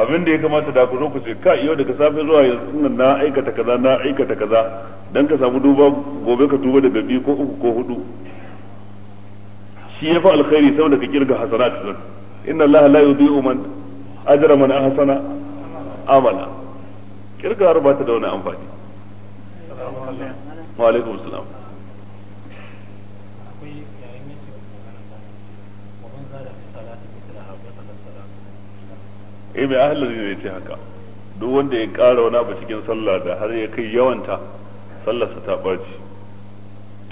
abin da ya kamata da ku zo ku ce ka yau daga safe zuwa yanzu nan na aikata kaza na aikata kaza dan ka samu duba gobe ka tuba daga biyu ko uku ko hudu shi yafi alkhairi saboda ka kirga hasanat din inna allaha la yudhi'u man ajra man ahsana amala kirga ba ta da wani amfani wa alaikum assalam eh mai ahalar ne ce haka duk wanda ya ƙara wani abu cikin sallah da har ya kai yawanta sallarsa ta ɓaci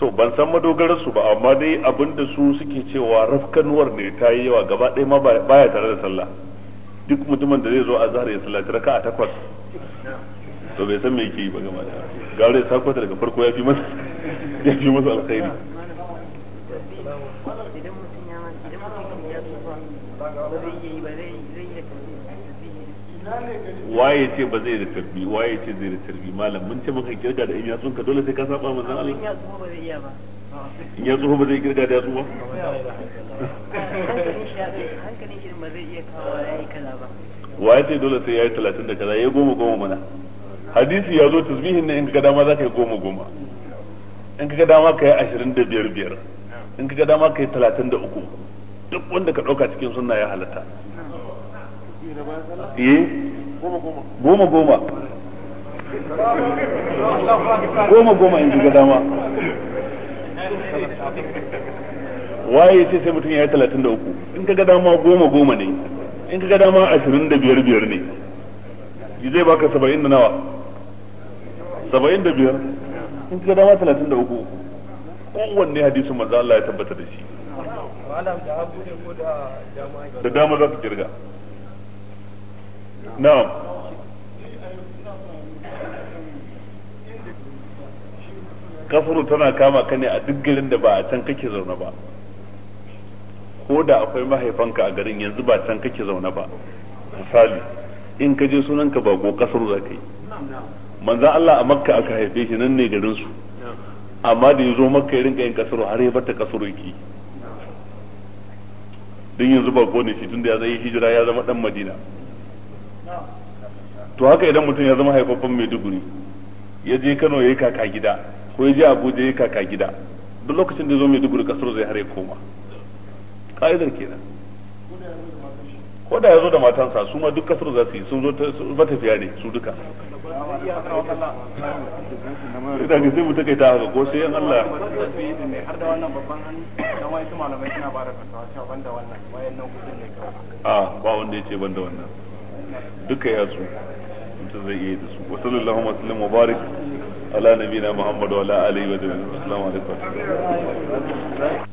to ban san madogarar su ba amma dai abin da su suke cewa rafkanuwar ne ta yi yawa gaba ɗaya ma baya tare da sallah duk mutumin da zai zo a zahar ya sallaci a takwas to bai san me yake yi ba gama da gare ya daga farko ya fi masa ya fi masa alkhairi waye ce ba zai da tarbi waye ce zai da tarbi malam mun ce maka kirga da in ya ka dole sai ka saba manzon Allah in yatsu ba zai iya ba in yatsu ba zai kirga da ya ba hankalin shi ba zai iya kawo kaza ba waye ce dole sai yayi talatin da kaza ya goma goma mana hadisi ya zo tasbihin ne in ka dama za ka yi goma goma in ka dama ka yi ashirin da biyar biyar in ka dama ka yi talatin da uku duk wanda ka ɗauka cikin sunna ya halatta Eh? goma goma goma goma in ga dama waye sai sai mutum ya yi talatin da uku in ka ga dama goma goma ne in ka ga dama ashirin da biyar biyar ne zai baka saba'in da nawa saba'in da biyar in ka ga dama talatin da uku kowanne hadisin manzo Allah ya tabbata da shi da dama za ku kirga نعم kafuru tana kama ka ne a duk garin da ba a can kake zaune ba ko da akwai mahaifanka a garin yanzu ba can kake zaune ba misali in ka je sunanka ba ko kasar za ka yi manzan Allah a makka aka haife shi nan ne garin su amma da ya zo makka ya rinka yin kasar har ya bata kasar yake don yanzu ba ne shi tunda ya zai hijira ya zama dan madina to haka idan mutum ya zama haifaffen maiduguri ya je kano ya yi kaka gida ko ya je abuja ya yi kaka gida duk lokacin da ya zo maiduguri kasar zai har ya koma ka'idar kenan ko da ya zo da matansa su ma duk kasar za su yi sun zo matafiya ne su duka ita sai mu take ta haka ko sai yan Allah har da wannan babban hannu malamai suna ba da cewa banda wannan kudin ne kawai a ba wanda ce banda wannan duka yatsu mutum zai iya yi da su wa sallallahu alaihi wa sallam wa barik ala nabiyina muhammad wa ala alihi wa sallam assalamu alaikum